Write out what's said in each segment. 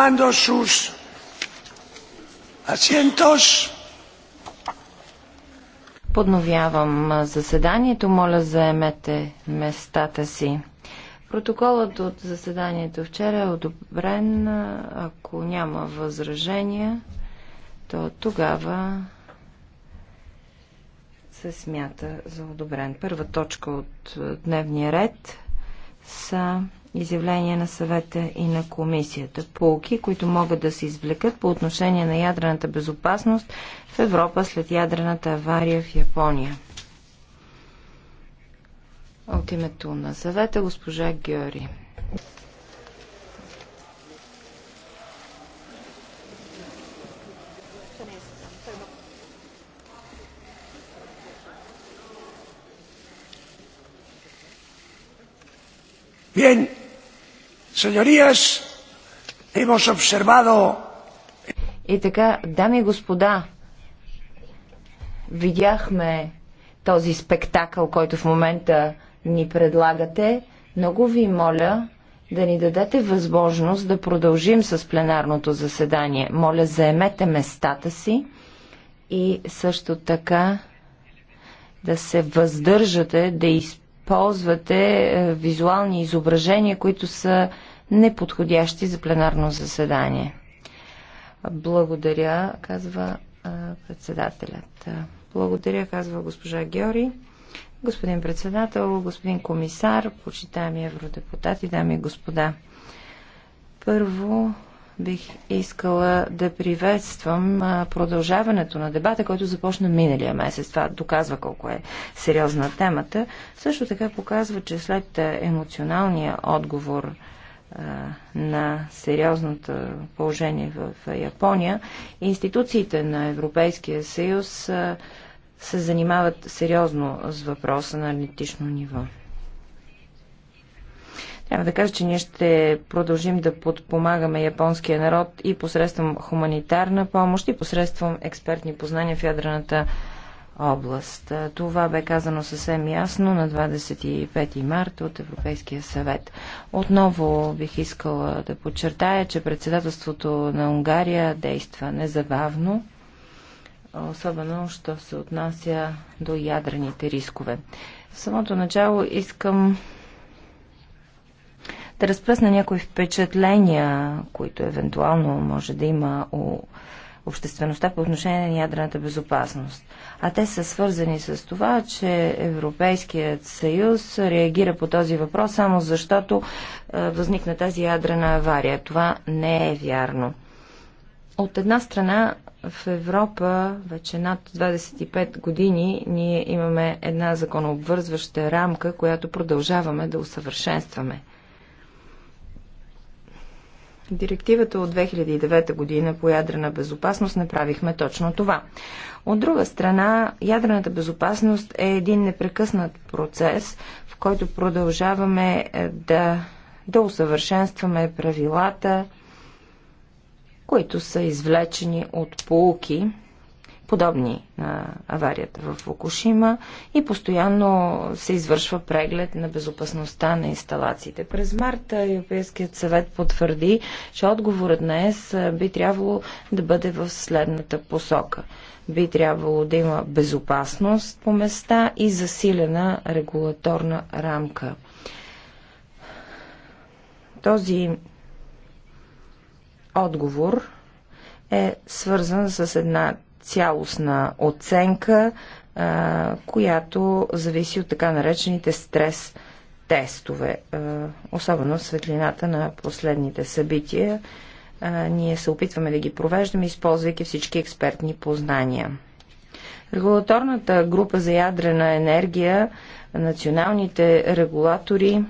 tomando sus asientos. Подновявам заседанието. Моля, заемете местата си. Протоколът от заседанието вчера е одобрен. Ако няма възражения, то тогава се смята за одобрен. Първа точка от дневния ред са изявление на съвета и на комисията. Полки, които могат да се извлекат по отношение на ядрената безопасност в Европа след ядрената авария в Япония. От името на съвета госпожа Георги. Bien. Señorías, hemos observado... И така, дами и господа, видяхме този спектакъл, който в момента ни предлагате. Много ви моля да ни дадете възможност да продължим с пленарното заседание. Моля, заемете местата си и също така да се въздържате да използвате е, визуални изображения, които са неподходящи за пленарно заседание. Благодаря, казва председателят. Благодаря, казва госпожа Геори. Господин председател, господин комисар, почитаеми евродепутати, дами и господа. Първо бих искала да приветствам продължаването на дебата, който започна миналия месец. Това доказва колко е сериозна темата. Също така показва, че след емоционалния отговор на сериозното положение в Япония, институциите на Европейския съюз се занимават сериозно с въпроса на аналитично ниво. Трябва да кажа, че ние ще продължим да подпомагаме японския народ и посредством хуманитарна помощ, и посредством експертни познания в ядрената област. Това бе казано съвсем ясно на 25 марта от Европейския съвет. Отново бих искала да подчертая, че председателството на Унгария действа незабавно, особено, що се отнася до ядрените рискове. В самото начало искам да разпръсна някои впечатления, които евентуално може да има у обществеността по отношение на ядрената безопасност. А те са свързани с това, че Европейският съюз реагира по този въпрос само защото е, възникна тази ядрена авария. Това не е вярно. От една страна, в Европа вече над 25 години ние имаме една законообвързваща рамка, която продължаваме да усъвършенстваме – директивата от 2009 година по ядрена безопасност направихме точно това. От друга страна, ядрената безопасност е един непрекъснат процес, в който продължаваме е, да, да усъвършенстваме правилата, които са извлечени от полуки подобни на аварията в Фукушима и постоянно се извършва преглед на безопасността на инсталациите. През марта Европейският съвет потвърди, че отговорът на ЕС би трябвало да бъде в следната посока. Би трябвало да има безопасност по места и засилена регулаторна рамка. Този отговор е свързан с една цялостна оценка, която зависи от така наречените стрес тестове, особено в светлината на последните събития. Ние се опитваме да ги провеждаме, използвайки всички експертни познания. Регулаторната група за ядрена енергия, националните регулатори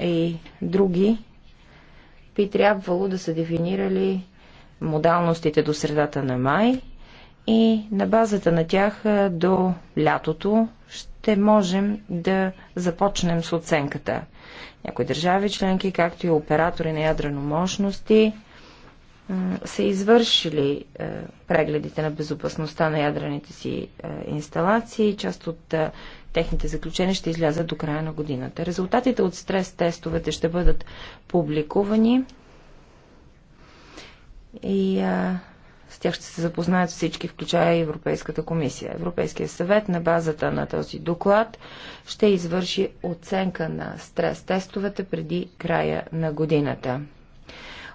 и други би трябвало да са дефинирали модалностите до средата на май – и на базата на тях до лятото ще можем да започнем с оценката. Някои държави членки, както и оператори на ядрено мощности, са извършили прегледите на безопасността на ядрените си инсталации. Част от техните заключения ще излязат до края на годината. Резултатите от стрес тестовете ще бъдат публикувани и а, с тях ще се запознаят всички, включая и Европейската комисия. Европейския съвет на базата на този доклад ще извърши оценка на стрес-тестовете преди края на годината.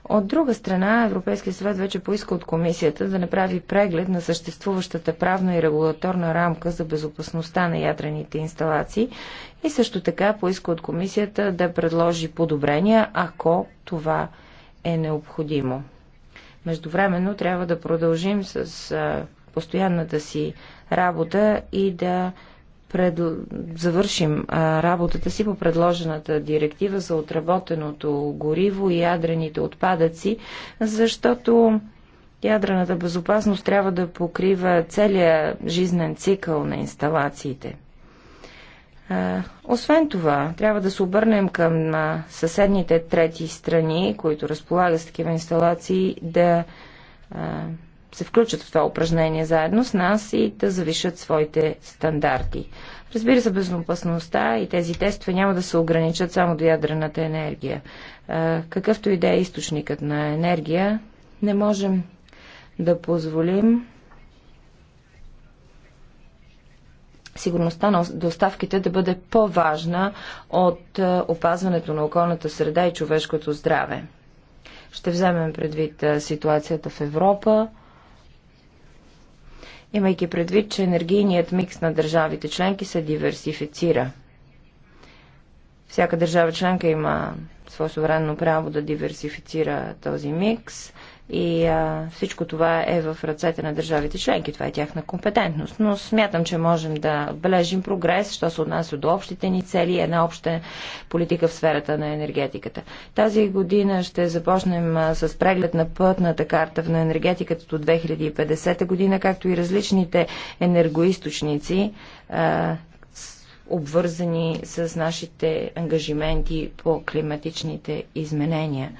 От друга страна, Европейския съвет вече поиска от комисията да направи преглед на съществуващата правна и регулаторна рамка за безопасността на ядрените инсталации и също така поиска от комисията да предложи подобрения, ако това е необходимо. Междувременно трябва да продължим с постоянната си работа и да пред... завършим а, работата си по предложената директива за отработеното гориво и ядрените отпадъци, защото ядрената безопасност трябва да покрива целия жизнен цикъл на инсталациите. Освен това, трябва да се обърнем към съседните трети страни, които разполагат с такива инсталации, да се включат в това упражнение заедно с нас и да завишат своите стандарти. Разбира се, безопасността и тези тестове няма да се ограничат само до ядрената енергия. Какъвто и да е източникът на енергия, не можем да позволим сигурността на доставките да бъде по-важна от е, опазването на околната среда и човешкото здраве. Ще вземем предвид е, ситуацията в Европа, имайки предвид, че енергийният микс на държавите членки се диверсифицира. Всяка държава членка има свое суверенно право да диверсифицира този микс и а, всичко това е в ръцете на държавите членки. Това е тяхна компетентност. Но смятам, че можем да отбележим прогрес, що се отнася до общите ни цели, една обща политика в сферата на енергетиката. Тази година ще започнем а, с преглед на пътната карта на енергетиката до 2050 година, както и различните енергоисточници. А, обвързани с нашите ангажименти по климатичните изменения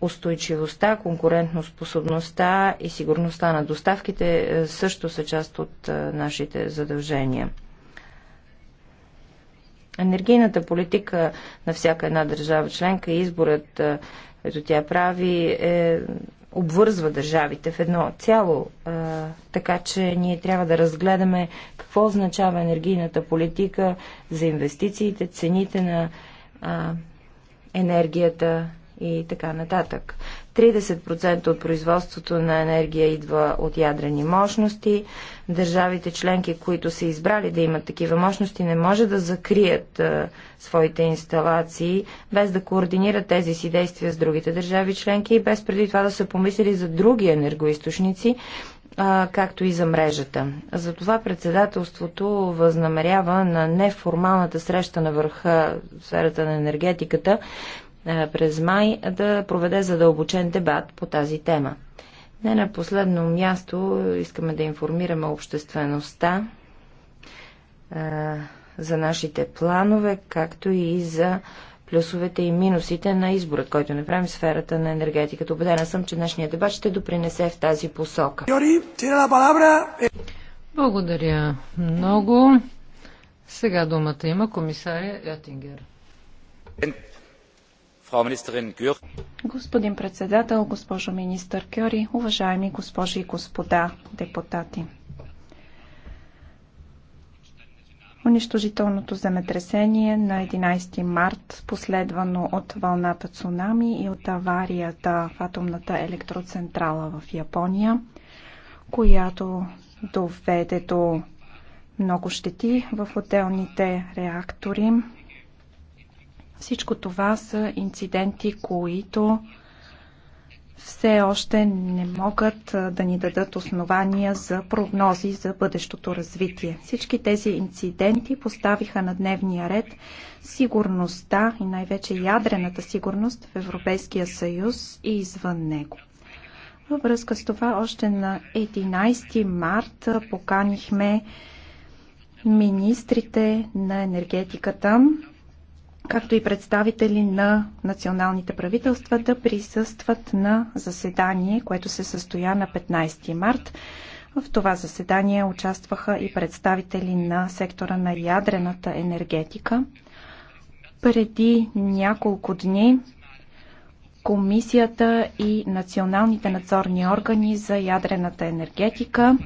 устойчивостта, конкурентноспособността и сигурността на доставките е, също са част от е, нашите задължения. Енергийната политика на всяка една държава членка и изборът, който е, тя прави, е, обвързва държавите в едно цяло. Е, така че ние трябва да разгледаме какво означава енергийната политика за инвестициите, цените на е, енергията, и така нататък. 30% от производството на енергия идва от ядрени мощности. Държавите членки, които са избрали да имат такива мощности, не може да закрият а, своите инсталации, без да координират тези си действия с другите държави членки и без преди това да са помислили за други енергоисточници, а, както и за мрежата. Затова председателството възнамерява на неформалната среща на върха в сферата на енергетиката е, през май да проведе задълбочен дебат по тази тема. Не на последно място искаме да информираме обществеността е, за нашите планове, както и за плюсовете и минусите на избора, който направим в сферата на енергетиката. Обедена съм, че днешния дебат ще допринесе в тази посока. Благодаря много. Сега думата има комисаря Етингер. Господин председател, госпожо министър Кьори, уважаеми госпожи и господа депутати. Унищожителното земетресение на 11 март, последвано от вълната цунами и от аварията в атомната електроцентрала в Япония, която доведе до много щети в отделните реактори, всичко това са инциденти, които все още не могат да ни дадат основания за прогнози за бъдещото развитие. Всички тези инциденти поставиха на дневния ред сигурността и най-вече ядрената сигурност в Европейския съюз и извън него. Във връзка с това още на 11 март поканихме министрите на енергетиката както и представители на националните правителства да присъстват на заседание, което се състоя на 15 март. В това заседание участваха и представители на сектора на ядрената енергетика. Преди няколко дни Комисията и националните надзорни органи за ядрената енергетика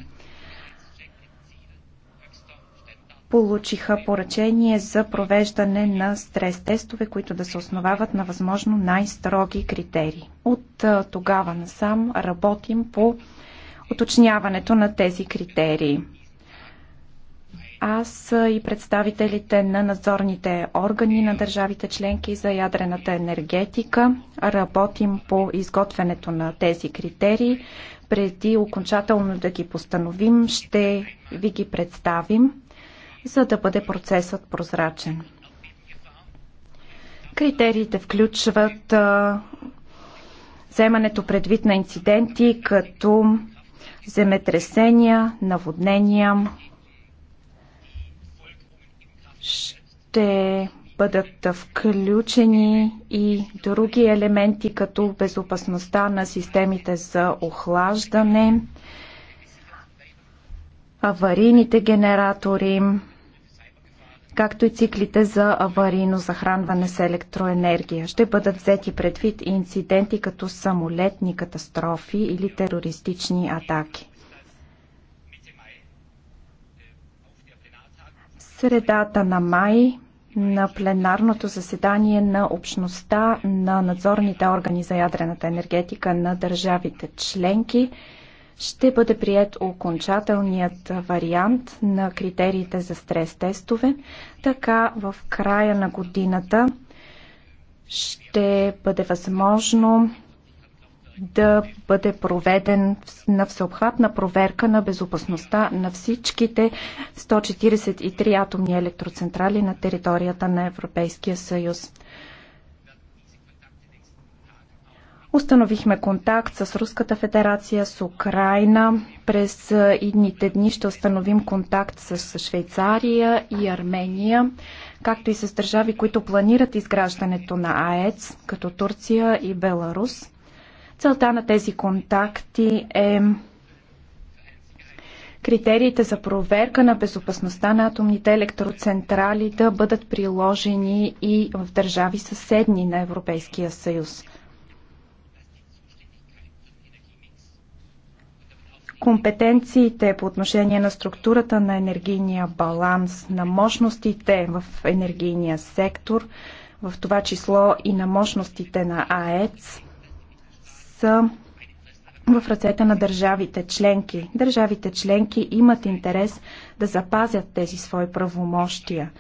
получиха поръчение за провеждане на стрес тестове, които да се основават на възможно най-строги критерии. От тогава насам работим по уточняването на тези критерии. Аз и представителите на надзорните органи на държавите членки за ядрената енергетика работим по изготвянето на тези критерии. Преди окончателно да ги постановим, ще ви ги представим за да бъде процесът прозрачен. Критериите включват вземането предвид на инциденти като земетресения, наводнения. Ще бъдат включени и други елементи, като безопасността на системите за охлаждане, аварийните генератори, както и циклите за аварийно захранване с електроенергия. Ще бъдат взети предвид и инциденти като самолетни катастрофи или терористични атаки. средата на май на пленарното заседание на общността на надзорните органи за ядрената енергетика на държавите членки ще бъде прият окончателният вариант на критериите за стрес-тестове. Така в края на годината ще бъде възможно да бъде проведен на всеобхватна проверка на безопасността на всичките 143 атомни електроцентрали на територията на Европейския съюз. Установихме контакт с Руската федерация, с Украина. През идните дни ще установим контакт с Швейцария и Армения, както и с държави, които планират изграждането на АЕЦ, като Турция и Беларус. Целта на тези контакти е критериите за проверка на безопасността на атомните електроцентрали да бъдат приложени и в държави съседни на Европейския съюз. компетенциите по отношение на структурата на енергийния баланс, на мощностите в енергийния сектор, в това число и на мощностите на АЕЦ, са в ръцете на държавите членки. Държавите членки имат интерес да запазят тези свои правомощия.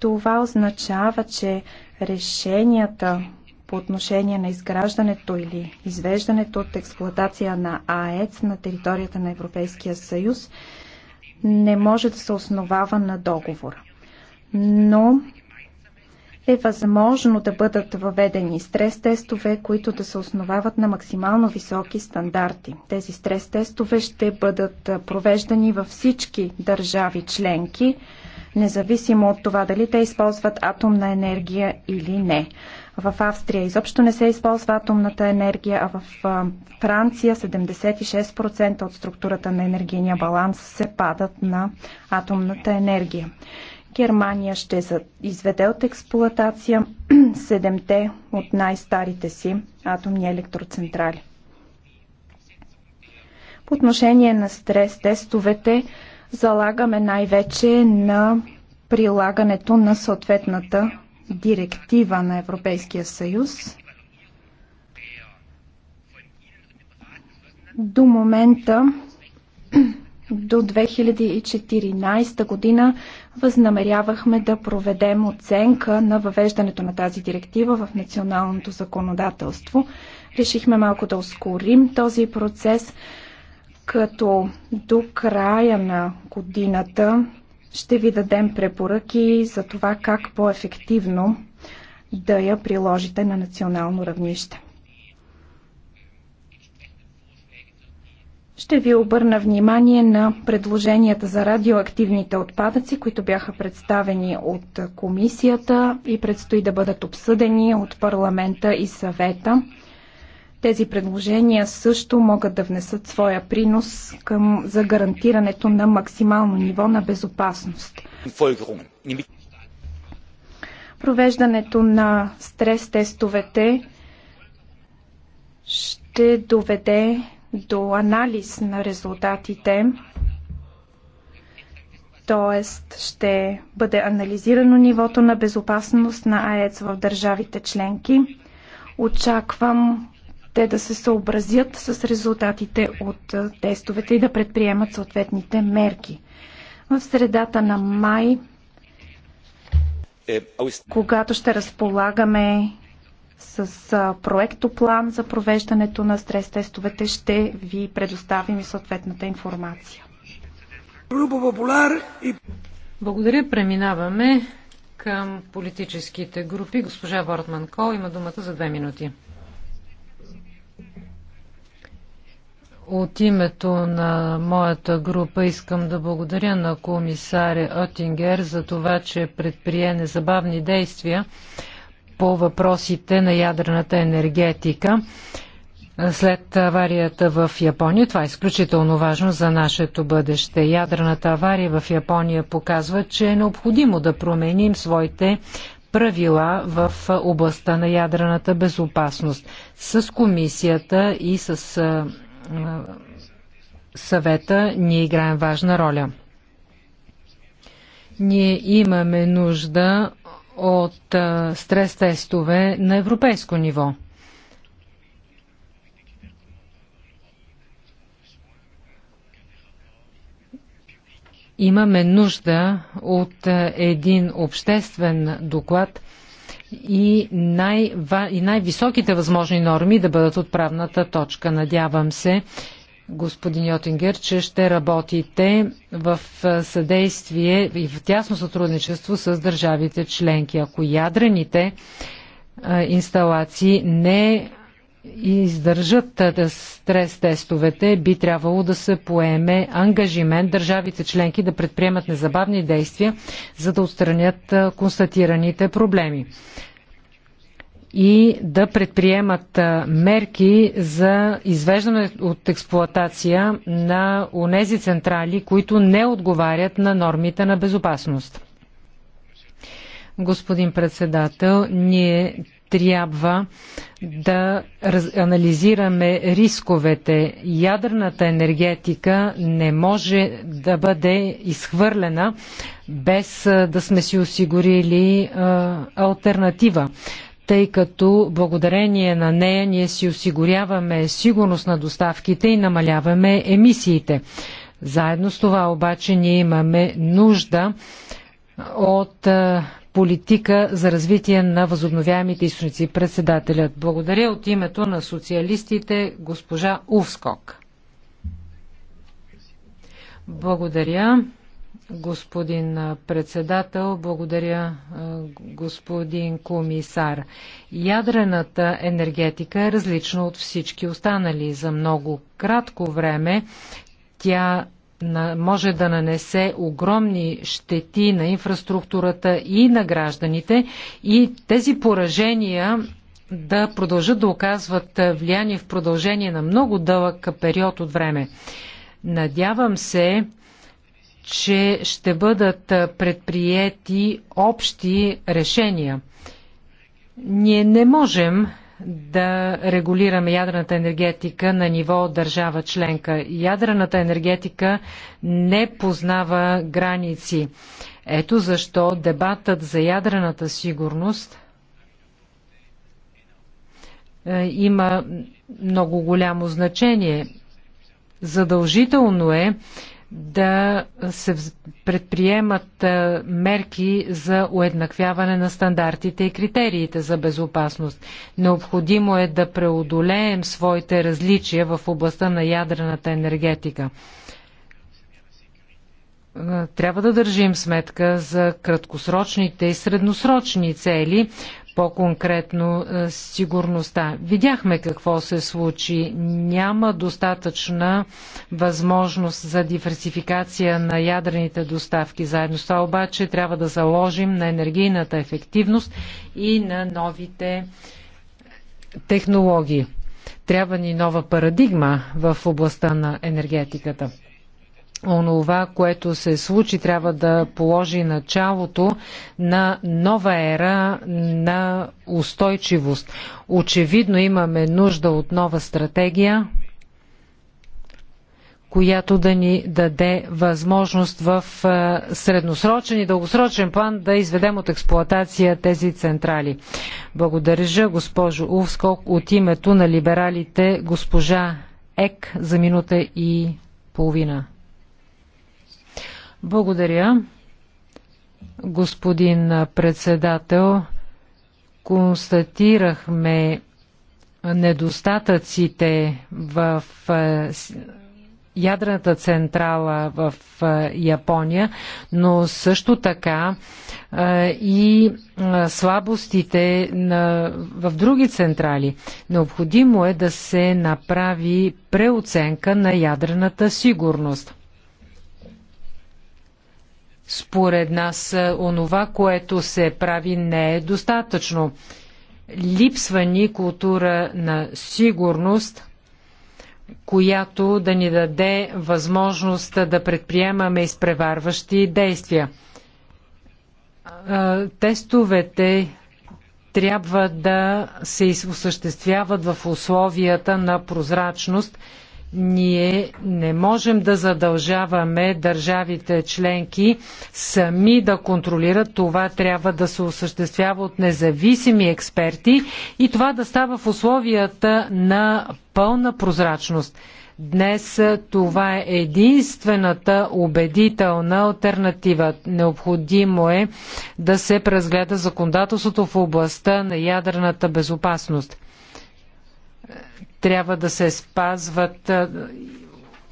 Това означава, че решенията по отношение на изграждането или извеждането от експлоатация на АЕЦ на територията на Европейския съюз не може да се основава на договор. Но е възможно да бъдат въведени стрес-тестове, които да се основават на максимално високи стандарти. Тези стрес-тестове ще бъдат провеждани във всички държави членки, независимо от това дали те използват атомна енергия или не. В Австрия изобщо не се използва атомната енергия, а в Франция 76% от структурата на енергийния баланс се падат на атомната енергия. Германия ще изведе от експлоатация седемте от най-старите си атомни електроцентрали. По отношение на стрес тестовете залагаме най-вече на прилагането на съответната директива на Европейския съюз. До момента, до 2014 година, възнамерявахме да проведем оценка на въвеждането на тази директива в националното законодателство. Решихме малко да ускорим този процес, като до края на годината ще ви дадем препоръки за това как по-ефективно да я приложите на национално равнище. Ще ви обърна внимание на предложенията за радиоактивните отпадъци, които бяха представени от комисията и предстои да бъдат обсъдени от парламента и съвета. Тези предложения също могат да внесат своя принос към, за гарантирането на максимално ниво на безопасност. Провеждането на стрес-тестовете ще доведе до анализ на резултатите, т.е. ще бъде анализирано нивото на безопасност на АЕЦ в държавите членки. Очаквам те да се съобразят с резултатите от тестовете и да предприемат съответните мерки. В средата на май, е, когато ще разполагаме с проектоплан за провеждането на стрес-тестовете, ще ви предоставим и съответната информация. Благодаря. Преминаваме към политическите групи. Госпожа Бортман Кол има думата за две минути. От името на моята група искам да благодаря на комисаря Отингер за това, че предприе незабавни действия по въпросите на ядрената енергетика след аварията в Япония. Това е изключително важно за нашето бъдеще. Ядрената авария в Япония показва, че е необходимо да променим своите правила в областта на ядрената безопасност. С комисията и с съвета ние играем важна роля. Ние имаме нужда от стрес-тестове на европейско ниво. Имаме нужда от един обществен доклад, и, най- и най-високите възможни норми да бъдат отправната точка. Надявам се, господин Йотингер, че ще работите в съдействие и в тясно сътрудничество с държавите членки. Ако ядрените инсталации не издържат стрес тестовете, би трябвало да се поеме ангажимент държавите членки да предприемат незабавни действия, за да отстранят констатираните проблеми и да предприемат мерки за извеждане от експлоатация на онези централи, които не отговарят на нормите на безопасност. Господин председател, ние трябва да анализираме рисковете. Ядрената енергетика не може да бъде изхвърлена без да сме си осигурили альтернатива тъй като благодарение на нея ние си осигуряваме сигурност на доставките и намаляваме емисиите. Заедно с това обаче ние имаме нужда от политика за развитие на възобновяемите източници. Председателят, благодаря от името на социалистите госпожа Увскок. Благодаря, господин председател, благодаря, господин комисар. Ядрената енергетика е различна от всички останали. За много кратко време тя може да нанесе огромни щети на инфраструктурата и на гражданите и тези поражения да продължат да оказват влияние в продължение на много дълъг период от време. Надявам се, че ще бъдат предприети общи решения. Ние не можем да регулираме ядрената енергетика на ниво държава членка. Ядрената енергетика не познава граници. Ето защо дебатът за ядрената сигурност е, има много голямо значение. Задължително е да се предприемат е, мерки за уеднаквяване на стандартите и критериите за безопасност. Необходимо е да преодолеем своите различия в областта на ядрената енергетика. Е, трябва да държим сметка за краткосрочните и средносрочни цели по-конкретно е, сигурността. Видяхме какво се случи. Няма достатъчна възможност за диверсификация на ядрените доставки. Заедно с това обаче трябва да заложим на енергийната ефективност и на новите технологии. Трябва ни нова парадигма в областта на енергетиката онова, което се случи, трябва да положи началото на нова ера на устойчивост. Очевидно имаме нужда от нова стратегия, която да ни даде възможност в е, средносрочен и дългосрочен план да изведем от експлоатация тези централи. Благодаря, госпожо Увскок, от името на либералите госпожа Ек за минута и половина. Благодаря, господин председател. Констатирахме недостатъците в е, ядрената централа в е, Япония, но също така е, и слабостите на, в други централи. Необходимо е да се направи преоценка на ядрената сигурност. Според нас, е, онова, което се прави, не е достатъчно. Липсва ни култура на сигурност, която да ни даде възможност да предприемаме изпреварващи действия. Е, тестовете трябва да се осъществяват в условията на прозрачност ние не можем да задължаваме държавите членки сами да контролират. Това трябва да се осъществява от независими експерти и това да става в условията на пълна прозрачност. Днес това е единствената убедителна альтернатива. Необходимо е да се преразгледа законодателството в областта на ядрената безопасност трябва да се спазват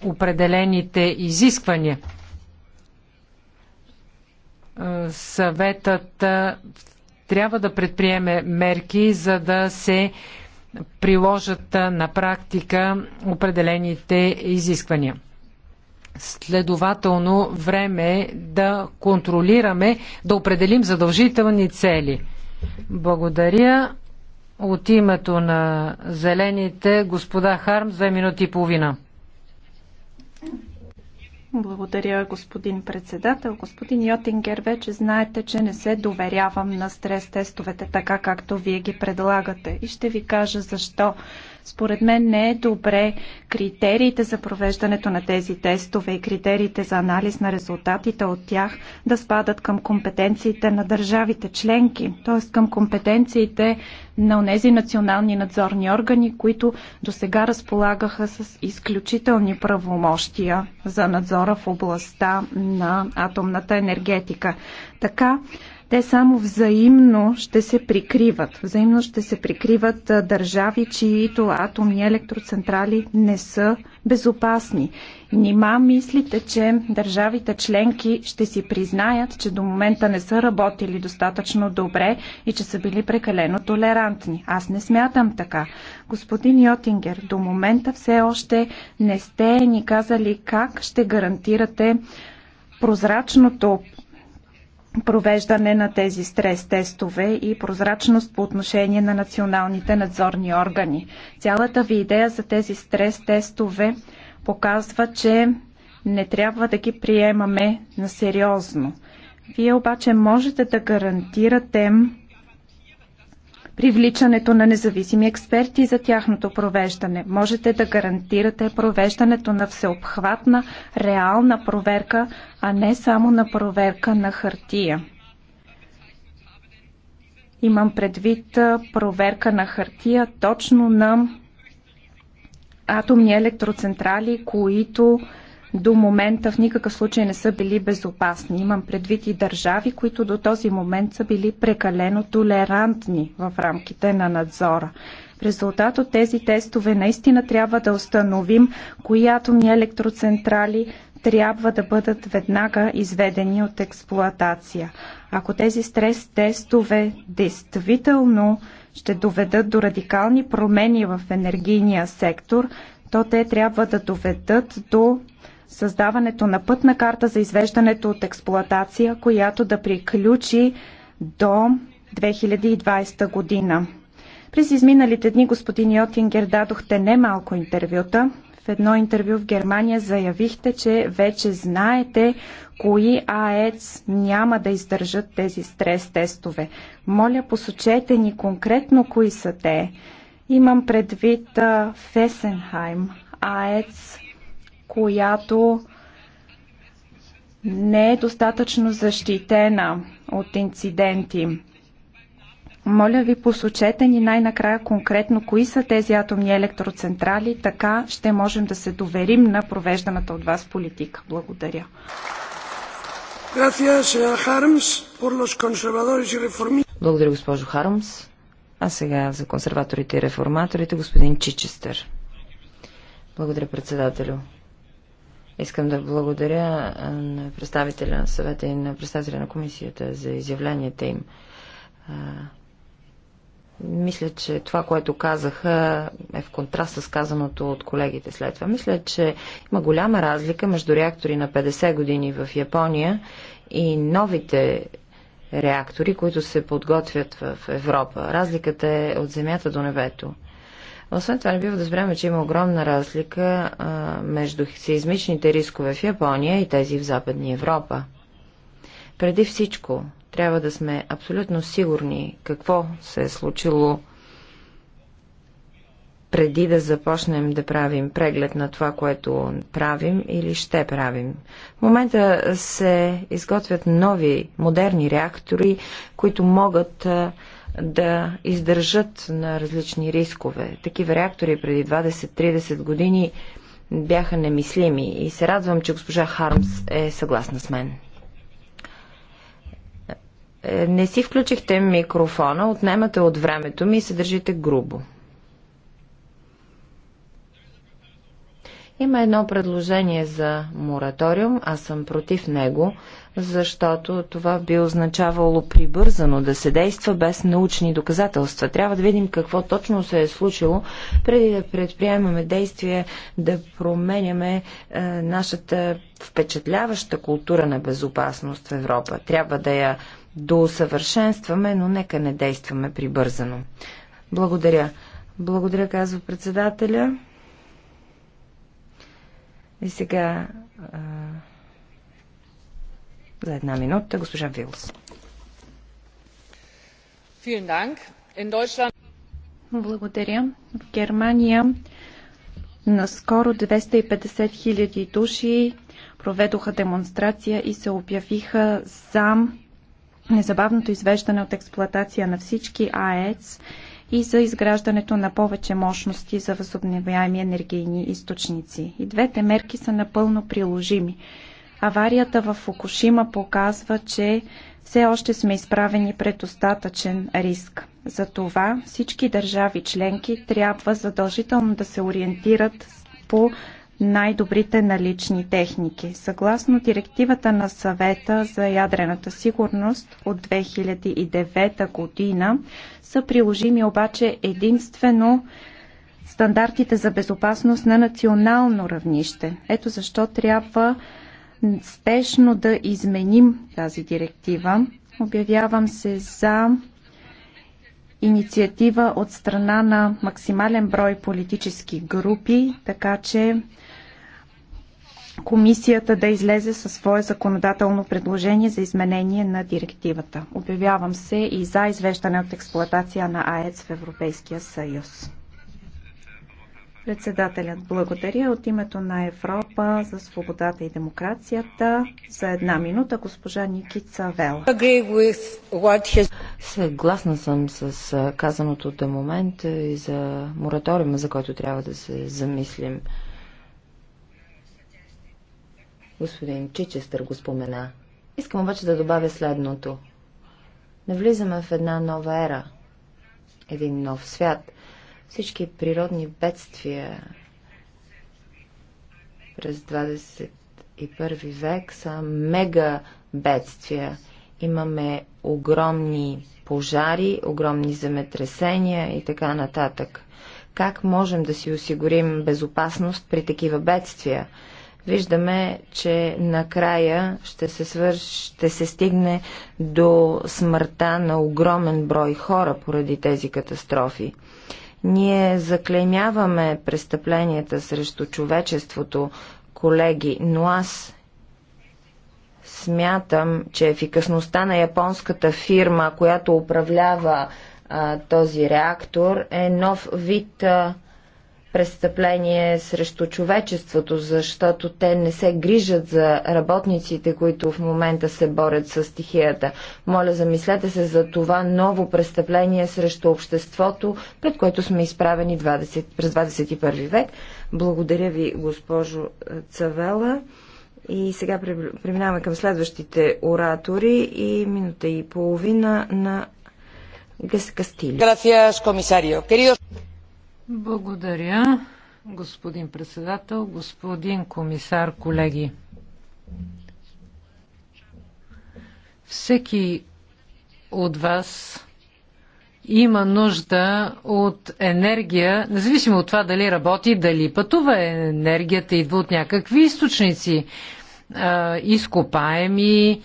определените изисквания. Съветът трябва да предприеме мерки, за да се приложат на практика определените изисквания. Следователно, време е да контролираме, да определим задължителни цели. Благодаря. От името на зелените, господа Харм, две минути и половина. Благодаря, господин председател. Господин Йотингер, вече знаете, че не се доверявам на стрес тестовете така, както вие ги предлагате. И ще ви кажа защо. Според мен не е добре критериите за провеждането на тези тестове и критериите за анализ на резултатите от тях да спадат към компетенциите на държавите членки, т.е. към компетенциите на тези национални надзорни органи, които до сега разполагаха с изключителни правомощия за надзора в областта на атомната енергетика. Така, те само взаимно ще се прикриват. Взаимно ще се прикриват държави, чието атомни електроцентрали не са безопасни. Нима мислите, че държавите членки ще си признаят, че до момента не са работили достатъчно добре и че са били прекалено толерантни. Аз не смятам така. Господин Йотингер, до момента все още не сте ни казали как ще гарантирате прозрачното провеждане на тези стрес тестове и прозрачност по отношение на националните надзорни органи. Цялата ви идея за тези стрес тестове показва, че не трябва да ги приемаме на сериозно. Вие обаче можете да гарантирате привличането на независими експерти за тяхното провеждане? Можете да гарантирате провеждането на всеобхватна, реална проверка, а не само на проверка на хартия. Имам предвид проверка на хартия точно на атомни електроцентрали, които до момента в никакъв случай не са били безопасни. Имам предвид и държави, които до този момент са били прекалено толерантни в рамките на надзора. В резултат от тези тестове наистина трябва да установим кои атомни електроцентрали трябва да бъдат веднага изведени от експлоатация. Ако тези стрес тестове действително ще доведат до радикални промени в енергийния сектор, то те трябва да доведат до създаването на пътна карта за извеждането от експлоатация, която да приключи до 2020 година. През изминалите дни, господин Йотингер, дадохте немалко интервюта. В едно интервю в Германия заявихте, че вече знаете кои АЕЦ няма да издържат тези стрес тестове. Моля, посочете ни конкретно кои са те. Имам предвид Фесенхайм, АЕЦ която не е достатъчно защитена от инциденти. Моля ви, посочете ни най-накрая конкретно кои са тези атомни електроцентрали, така ще можем да се доверим на провежданата от вас политика. Благодаря. Благодаря, госпожо Хармс. А сега за консерваторите и реформаторите, господин Чичестър. Благодаря, председателю. Искам да благодаря на представителя на съвета и на представителя на комисията за изявленията им. Мисля, че това, което казаха, е в контраст с казаното от колегите след това. Мисля, че има голяма разлика между реактори на 50 години в Япония и новите реактори, които се подготвят в Европа. Разликата е от земята до небето. Освен това не бива да спряме, че има огромна разлика а, между сейзмичните рискове в Япония и тези в Западна Европа. Преди всичко трябва да сме абсолютно сигурни какво се е случило преди да започнем да правим преглед на това, което правим или ще правим. В момента се изготвят нови модерни реактори, които могат да издържат на различни рискове. Такива реактори преди 20-30 години бяха немислими и се радвам, че госпожа Хармс е съгласна с мен. Е, не си включихте микрофона, отнемате от времето ми и се държите грубо. Има едно предложение за мораториум. Аз съм против него, защото това би означавало прибързано да се действа без научни доказателства. Трябва да видим какво точно се е случило, преди да предприемаме действия да променяме е, нашата впечатляваща култура на безопасност в Европа. Трябва да я доусъвършенстваме, но нека не действаме прибързано. Благодаря. Благодаря, казва председателя. И сега а, за една минута госпожа Вилс. Благодаря. В Германия наскоро 250 хиляди души проведоха демонстрация и се обявиха за незабавното извеждане от експлоатация на всички АЕЦ и за изграждането на повече мощности за възобновяеми енергийни източници. И двете мерки са напълно приложими. Аварията в Фукушима показва, че все още сме изправени пред остатъчен риск. Затова всички държави членки трябва задължително да се ориентират по най-добрите налични техники. Съгласно директивата на съвета за ядрената сигурност от 2009 година са приложими обаче единствено стандартите за безопасност на национално равнище. Ето защо трябва спешно да изменим тази директива. Обявявам се за инициатива от страна на максимален брой политически групи, така че комисията да излезе със свое законодателно предложение за изменение на директивата. Обявявам се и за извеждане от експлоатация на АЕЦ в Европейския съюз. Председателят благодаря от името на Европа за свободата и демокрацията за една минута госпожа Никица Вел. Съгласна съм с казаното до момента и за мораториума, за който трябва да се замислим. Господин Чичестър го спомена. Искам обаче да добавя следното. Навлизаме в една нова ера, един нов свят – всички природни бедствия през 21 век са мега бедствия. Имаме огромни пожари, огромни земетресения и така нататък. Как можем да си осигурим безопасност при такива бедствия? виждаме, че накрая ще се, свърш, ще се стигне до смъртта на огромен брой хора поради тези катастрофи. Ние заклемяваме престъпленията срещу човечеството, колеги, но аз смятам, че ефикасността на японската фирма, която управлява а, този реактор, е нов вид а, престъпление срещу човечеството, защото те не се грижат за работниците, които в момента се борят с стихията. Моля, замислете се за това ново престъпление срещу обществото, пред което сме изправени 20, през 21 век. Благодаря ви, госпожо Цавела. И сега преминаваме към следващите оратори и минута и половина на Гъс Кастили. Gracias, комисарио. Благодаря, господин председател, господин комисар, колеги. Всеки от вас има нужда от енергия, независимо от това дали работи, дали пътува. Енергията идва от някакви източници, изкопаеми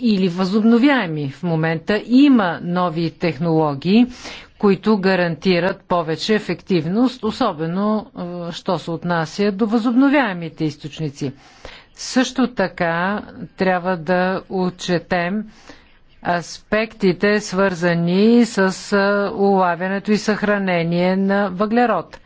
или възобновяеми. В момента има нови технологии, които гарантират повече ефективност, особено що се отнася до възобновяемите източници. Също така трябва да отчетем аспектите, свързани с улавянето и съхранение на въглерод.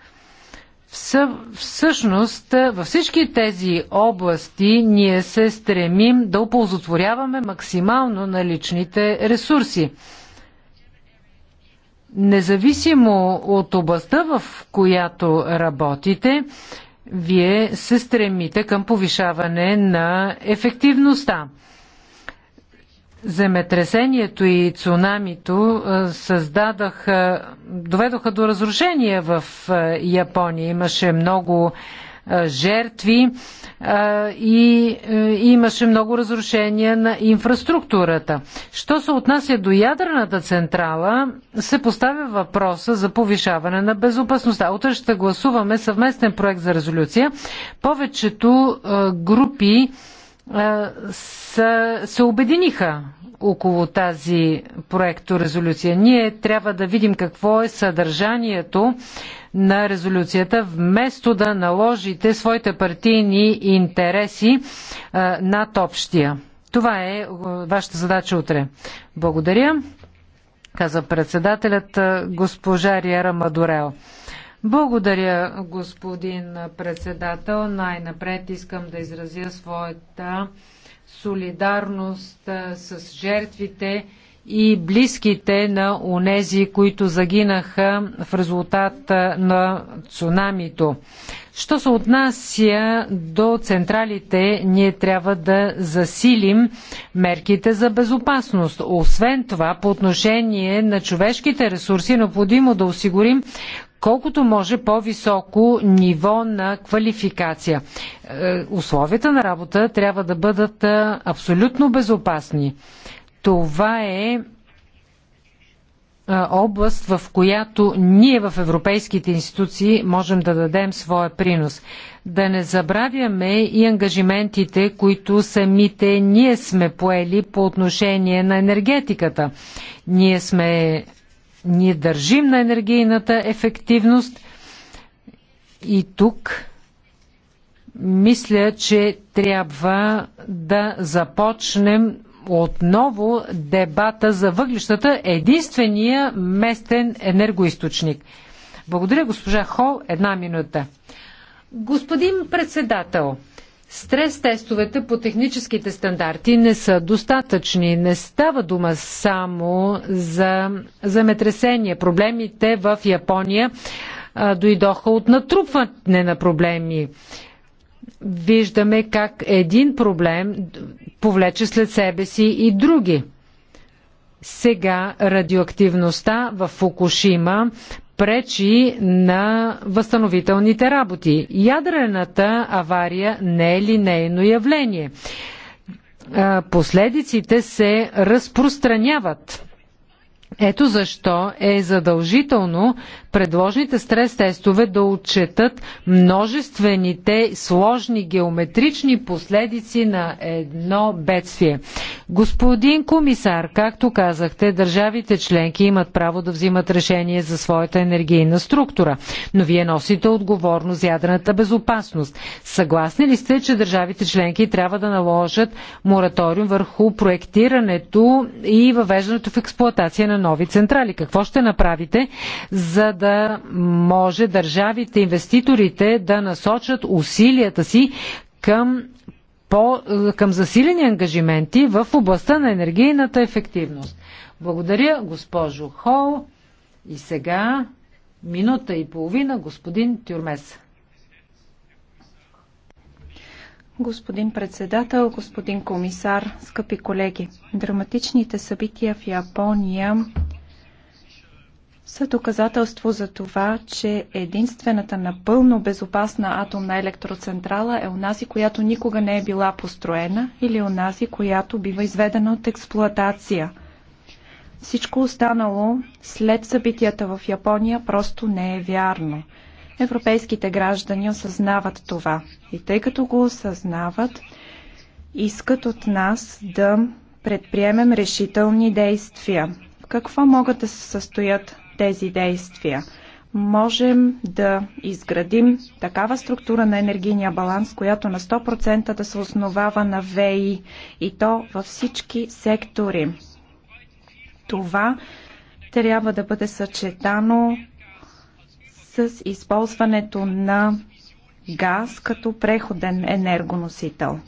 Всъщност, във всички тези области ние се стремим да оползотворяваме максимално наличните ресурси. Независимо от областта, в която работите, вие се стремите към повишаване на ефективността. Земетресението и цунамито създадаха, доведоха до разрушения в Япония. Имаше много жертви и е, имаше много разрушения на инфраструктурата. Що се отнася до ядрената централа, се поставя въпроса за повишаване на безопасността. Утре ще гласуваме съвместен проект за резолюция. Повечето е, групи е, се обединиха около тази резолюция. Ние трябва да видим какво е съдържанието на резолюцията, вместо да наложите своите партийни интереси над общия. Това е вашата задача утре. Благодаря, каза председателят госпожа Риера Мадурел. Благодаря, господин председател. Най-напред искам да изразя своята солидарност с жертвите и близките на онези, които загинаха в резултат на цунамито. Що се отнася до централите, ние трябва да засилим мерките за безопасност. Освен това, по отношение на човешките ресурси, е необходимо да осигурим колкото може по-високо ниво на квалификация. Е, условията на работа трябва да бъдат абсолютно безопасни. Това е област, в която ние в европейските институции можем да дадем своя принос. Да не забравяме и ангажиментите, които самите ние сме поели по отношение на енергетиката. Ние сме ние държим на енергийната ефективност и тук мисля, че трябва да започнем отново дебата за въглищата е единствения местен енергоисточник. Благодаря, госпожа Хол. Една минута. Господин председател, стрес-тестовете по техническите стандарти не са достатъчни. Не става дума само за земетресение. Проблемите в Япония а, дойдоха от натрупване на проблеми. Виждаме как един проблем повлече след себе си и други. Сега радиоактивността в Фукушима пречи на възстановителните работи. Ядрената авария не е линейно явление. Последиците се разпространяват ето защо е задължително предложните стрес тестове да отчетат множествените сложни геометрични последици на едно бедствие. Господин комисар, както казахте, държавите членки имат право да взимат решение за своята енергийна структура, но вие носите отговорност за ядрената безопасност. Съгласни ли сте, че държавите членки трябва да наложат мораториум върху проектирането и въвеждането в експлоатация на нови централи. Какво ще направите, за да може държавите, инвеститорите да насочат усилията си към, по, към засилени ангажименти в областта на енергийната ефективност? Благодаря, госпожо Хол. И сега минута и половина, господин Тюрмес. Господин председател, господин комисар, скъпи колеги, драматичните събития в Япония са доказателство за това, че единствената напълно безопасна атомна електроцентрала е онази, която никога не е била построена или онази, която бива изведена от експлоатация. Всичко останало след събитията в Япония просто не е вярно. Европейските граждани осъзнават това. И тъй като го осъзнават, искат от нас да предприемем решителни действия. В какво могат да се състоят тези действия? Можем да изградим такава структура на енергийния баланс, която на 100% да се основава на ВИ и то във всички сектори. Това трябва да бъде съчетано с използването на газ като преходен енергоносител.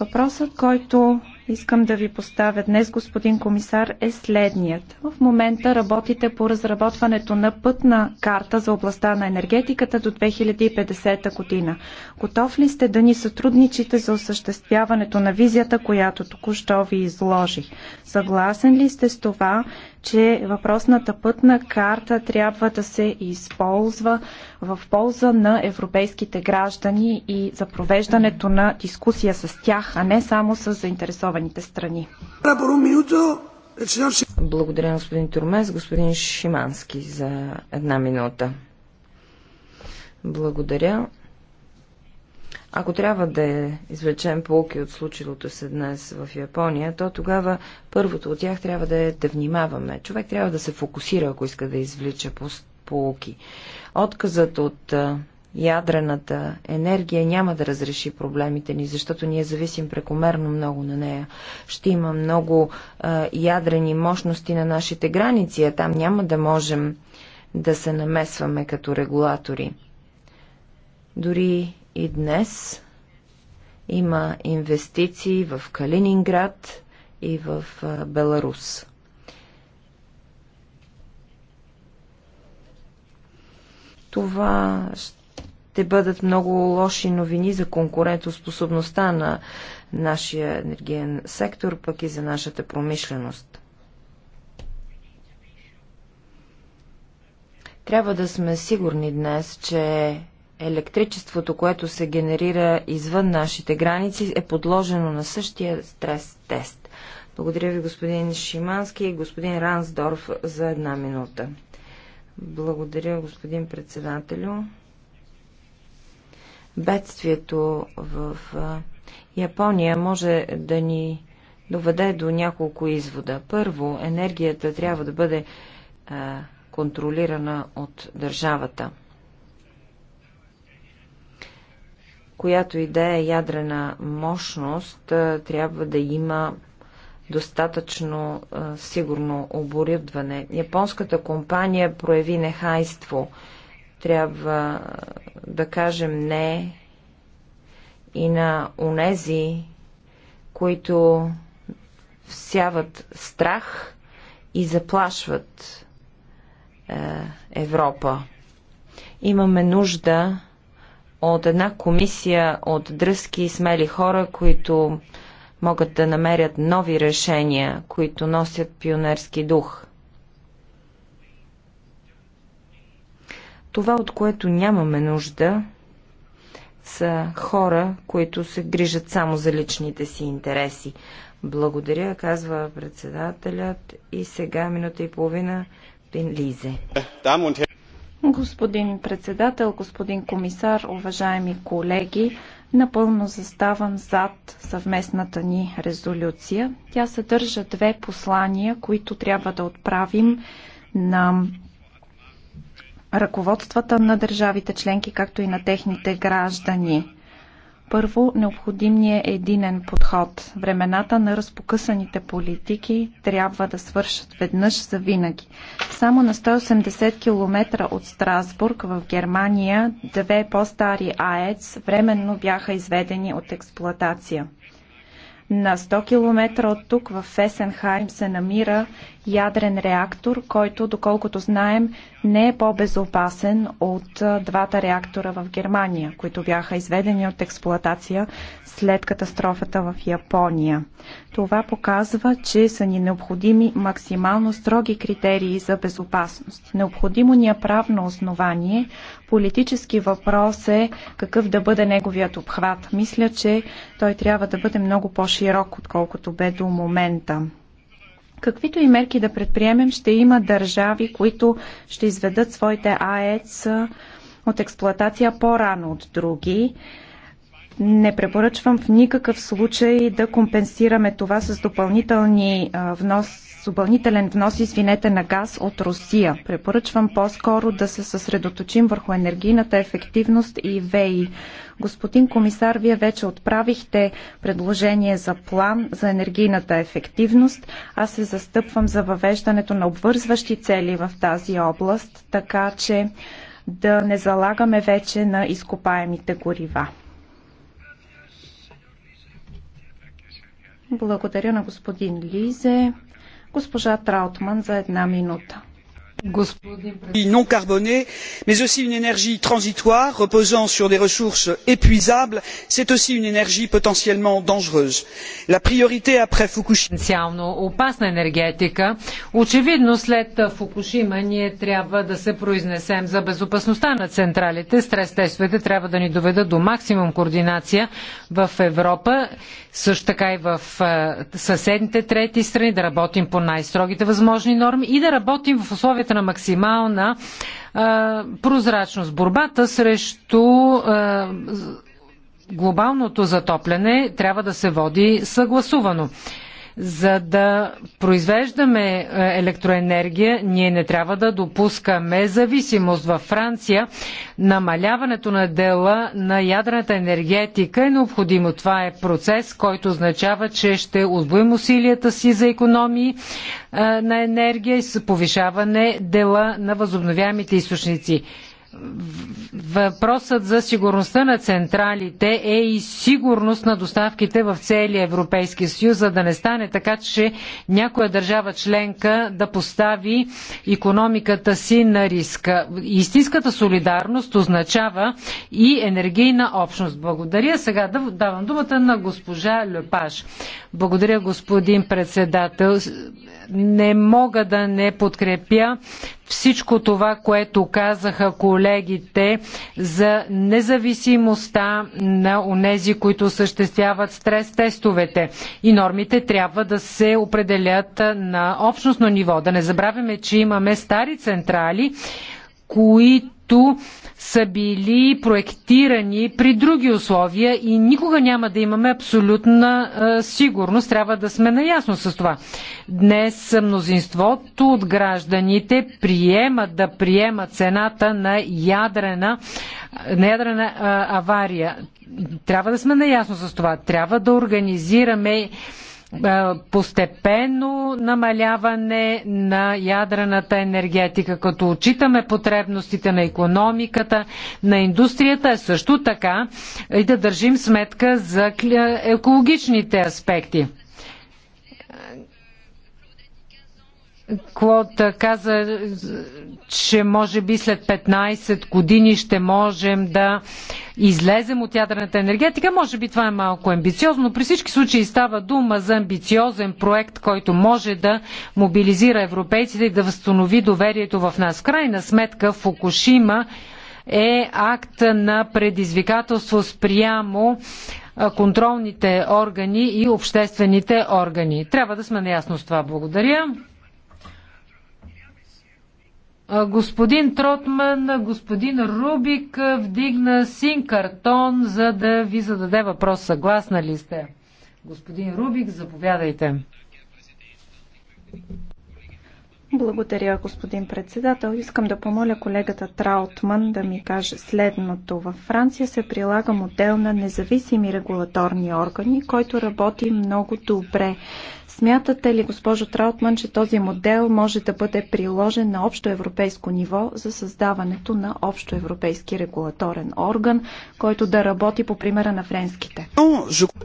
Въпросът, който искам да ви поставя днес, господин комисар, е следният. В момента работите по разработването на пътна карта за областта на енергетиката до 2050 година. Готов ли сте да ни сътрудничите за осъществяването на визията, която току-що ви изложих? Съгласен ли сте с това, че въпросната пътна карта трябва да се използва в полза на европейските граждани и за провеждането на дискусия с тях, а не само с заинтересовани заинтересованите страни. Благодаря, господин Турмес. Господин Шимански за една минута. Благодаря. Ако трябва да извлечем полки от случилото се днес в Япония, то тогава първото от тях трябва да е да внимаваме. Човек трябва да се фокусира, ако иска да извлича полки. Отказът от ядрената енергия няма да разреши проблемите ни, защото ние зависим прекомерно много на нея. Ще има много а, ядрени мощности на нашите граници, а там няма да можем да се намесваме като регулатори. Дори и днес има инвестиции в Калининград и в а, Беларус. Това ще ще бъдат много лоши новини за конкурентоспособността на нашия енергиен сектор, пък и за нашата промишленост. Трябва да сме сигурни днес, че електричеството, което се генерира извън нашите граници, е подложено на същия стрес тест. Благодаря ви, господин Шимански и господин Рансдорф, за една минута. Благодаря, господин председателю бедствието в Япония може да ни доведе до няколко извода. Първо, енергията трябва да бъде а, контролирана от държавата, която идея ядрена мощност а, трябва да има достатъчно а, сигурно оборудване. Японската компания прояви нехайство. Трябва да кажем не и на онези, които всяват страх и заплашват е, Европа. Имаме нужда от една комисия от дръзки и смели хора, които могат да намерят нови решения, които носят пионерски дух. Това, от което нямаме нужда, са хора, които се грижат само за личните си интереси. Благодаря, казва председателят. И сега минута и половина Пин Лизе. Господин председател, господин комисар, уважаеми колеги, напълно заставам зад съвместната ни резолюция. Тя съдържа две послания, които трябва да отправим на ръководствата на държавите членки, както и на техните граждани. Първо, необходим ни е единен подход. Времената на разпокъсаните политики трябва да свършат веднъж за винаги. Само на 180 км от Страсбург в Германия две по-стари АЕЦ временно бяха изведени от експлоатация. На 100 км от тук в Фесенхайм се намира ядрен реактор, който, доколкото знаем, не е по-безопасен от двата реактора в Германия, които бяха изведени от експлоатация след катастрофата в Япония. Това показва, че са ни необходими максимално строги критерии за безопасност. Необходимо ни е правно основание. Политически въпрос е какъв да бъде неговият обхват. Мисля, че той трябва да бъде много по-широк, отколкото бе до момента. Каквито и мерки да предприемем, ще има държави, които ще изведат своите АЕЦ от експлоатация по-рано от други. Не препоръчвам в никакъв случай да компенсираме това с допълнителни внос, допълнителен внос, извинете, на газ от Русия. Препоръчвам по-скоро да се съсредоточим върху енергийната ефективност и ВЕИ. Господин комисар, вие вече отправихте предложение за план за енергийната ефективност. Аз се застъпвам за въвеждането на обвързващи цели в тази област, така че да не залагаме вече на изкопаемите горива. Благодаря на господин Лизе. Госпожа Траутман за една минута non carbonée mais aussi une énergie transitoire reposant sur des ressources épuisables c'est aussi une énergie potentiellement dangereuse. la priorité après Fukushima Очевидно след Фукушима ние трябва да се произнесем за безопасността на централите. Стрес тестовете трябва да ни доведат до максимум координация в Европа, също така и в е, съседните трети страни, да работим по най-строгите възможни норми и да работим в условията условията на максимална прозрачност. Борбата срещу глобалното затопляне трябва да се води съгласувано. За да произвеждаме е, електроенергия, ние не трябва да допускаме зависимост. Във Франция намаляването на дела на ядрената енергетика е необходимо. Това е процес, който означава, че ще отвоим усилията си за економии е, на енергия и с повишаване дела на възобновяемите източници. Въпросът за сигурността на централите е и сигурност на доставките в целия Европейски съюз, за да не стане така, че някоя държава членка да постави економиката си на риска. Истинската солидарност означава и енергийна общност. Благодаря. Сега да давам думата на госпожа Лепаш. Благодаря, господин председател не мога да не подкрепя всичко това, което казаха колегите за независимостта на онези, които съществяват стрес тестовете. И нормите трябва да се определят на общностно ниво. Да не забравяме, че имаме стари централи, които които са били проектирани при други условия и никога няма да имаме абсолютна сигурност. Трябва да сме наясно с това. Днес мнозинството от гражданите приемат да приема цената на ядрена, на ядрена авария. Трябва да сме наясно с това. Трябва да организираме е, постепенно намаляване на ядрената енергетика, като отчитаме потребностите на економиката, на индустрията, също така и да държим сметка за екологичните аспекти. Клод каза, че може би след 15 години ще можем да излезем от ядрената енергетика. Може би това е малко амбициозно, но при всички случаи става дума за амбициозен проект, който може да мобилизира европейците и да възстанови доверието в нас. В крайна сметка Фукушима е акт на предизвикателство спрямо контролните органи и обществените органи. Трябва да сме наясно с това. Благодаря. Господин Тротман, господин Рубик вдигна син картон, за да ви зададе въпрос. Съгласна ли сте? Господин Рубик, заповядайте. Благодаря, господин председател. Искам да помоля колегата Траутман да ми каже следното. Във Франция се прилага модел на независими регулаторни органи, който работи много добре. Смятате ли, госпожо Траутман, че този модел може да бъде приложен на общо европейско ниво за създаването на общо европейски регулаторен орган, който да работи по примера на френските?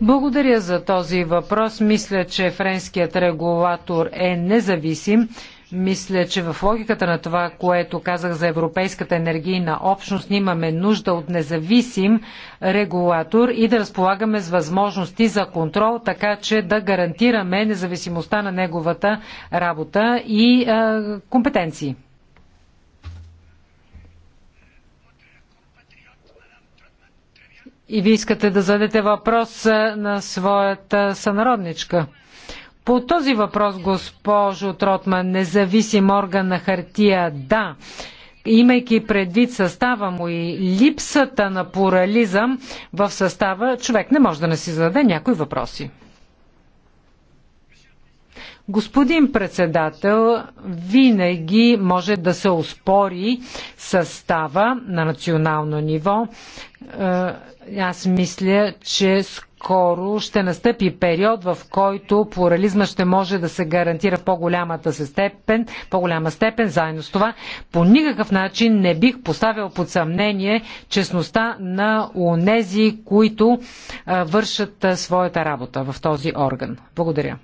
Благодаря за този въпрос. Мисля, че френският регулатор е независим мисля, че в логиката на това, което казах за Европейската енергийна общност, имаме нужда от независим регулатор и да разполагаме с възможности за контрол, така че да гарантираме независимостта на неговата работа и е, компетенции. И ви искате да зададете въпрос на своята сънародничка. По този въпрос, госпожо Тротман, независим орган на хартия, да. Имайки предвид състава му и липсата на плурализъм в състава, човек не може да не си зададе някои въпроси. Господин председател, винаги може да се оспори състава на национално ниво. Е, аз мисля, че скоро скоро ще настъпи период, в който плурализма ще може да се гарантира в по-голямата степен, по-голяма степен. Заедно с това по никакъв начин не бих поставил под съмнение честността на онези, които а, вършат а, своята работа в този орган. Благодаря.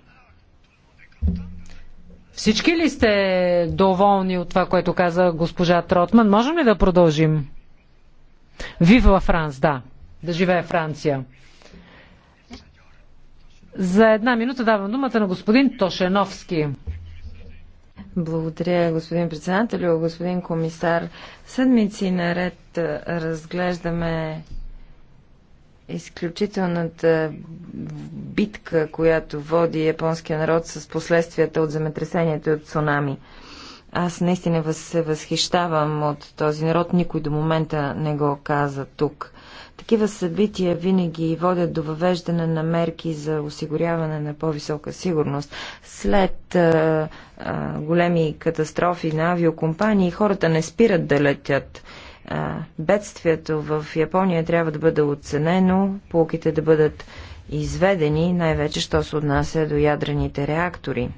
Всички ли сте доволни от това, което каза госпожа Тротман? Можем ли да продължим? Вива Франс, да. Да живее Франция. За една минута давам думата на господин Тошеновски. Благодаря, господин председател, господин комисар. Седмици наред разглеждаме изключителната битка, която води японския народ с последствията от земетресението и от цунами. Аз наистина се възхищавам от този народ. Никой до момента не го каза тук. Такива събития винаги водят до въвеждане на мерки за осигуряване на по-висока сигурност. След а, а, големи катастрофи на авиокомпании хората не спират да летят. А, бедствието в Япония трябва да бъде оценено, полките да бъдат изведени, най-вече, що се отнася до ядрените реактори.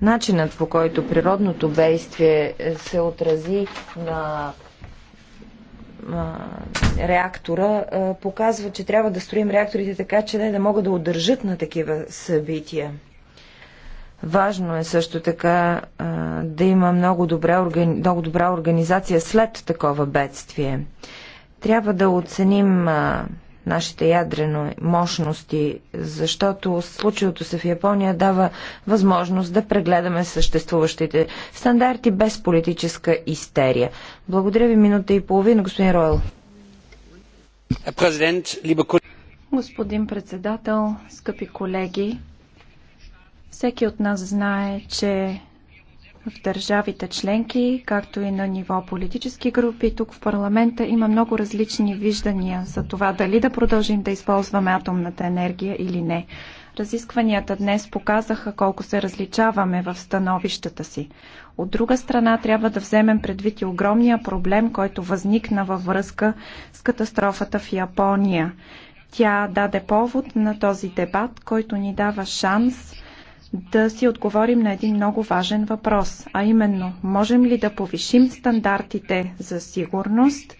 Начинът по който природното действие се отрази на реактора показва, че трябва да строим реакторите така, че не да могат да удържат на такива събития. Важно е също така да има много добра, органи... много добра организация след такова бедствие. Трябва да оценим а, нашите ядрено мощности, защото случилото се в Япония дава възможност да прегледаме съществуващите стандарти без политическа истерия. Благодаря ви минута и половина, господин Ройл. Господин председател, скъпи колеги, всеки от нас знае, че в държавите членки, както и на ниво политически групи. Тук в парламента има много различни виждания за това дали да продължим да използваме атомната енергия или не. Разискванията днес показаха колко се различаваме в становищата си. От друга страна трябва да вземем предвид и огромния проблем, който възникна във връзка с катастрофата в Япония. Тя даде повод на този дебат, който ни дава шанс да си отговорим на един много важен въпрос, а именно можем ли да повишим стандартите за сигурност,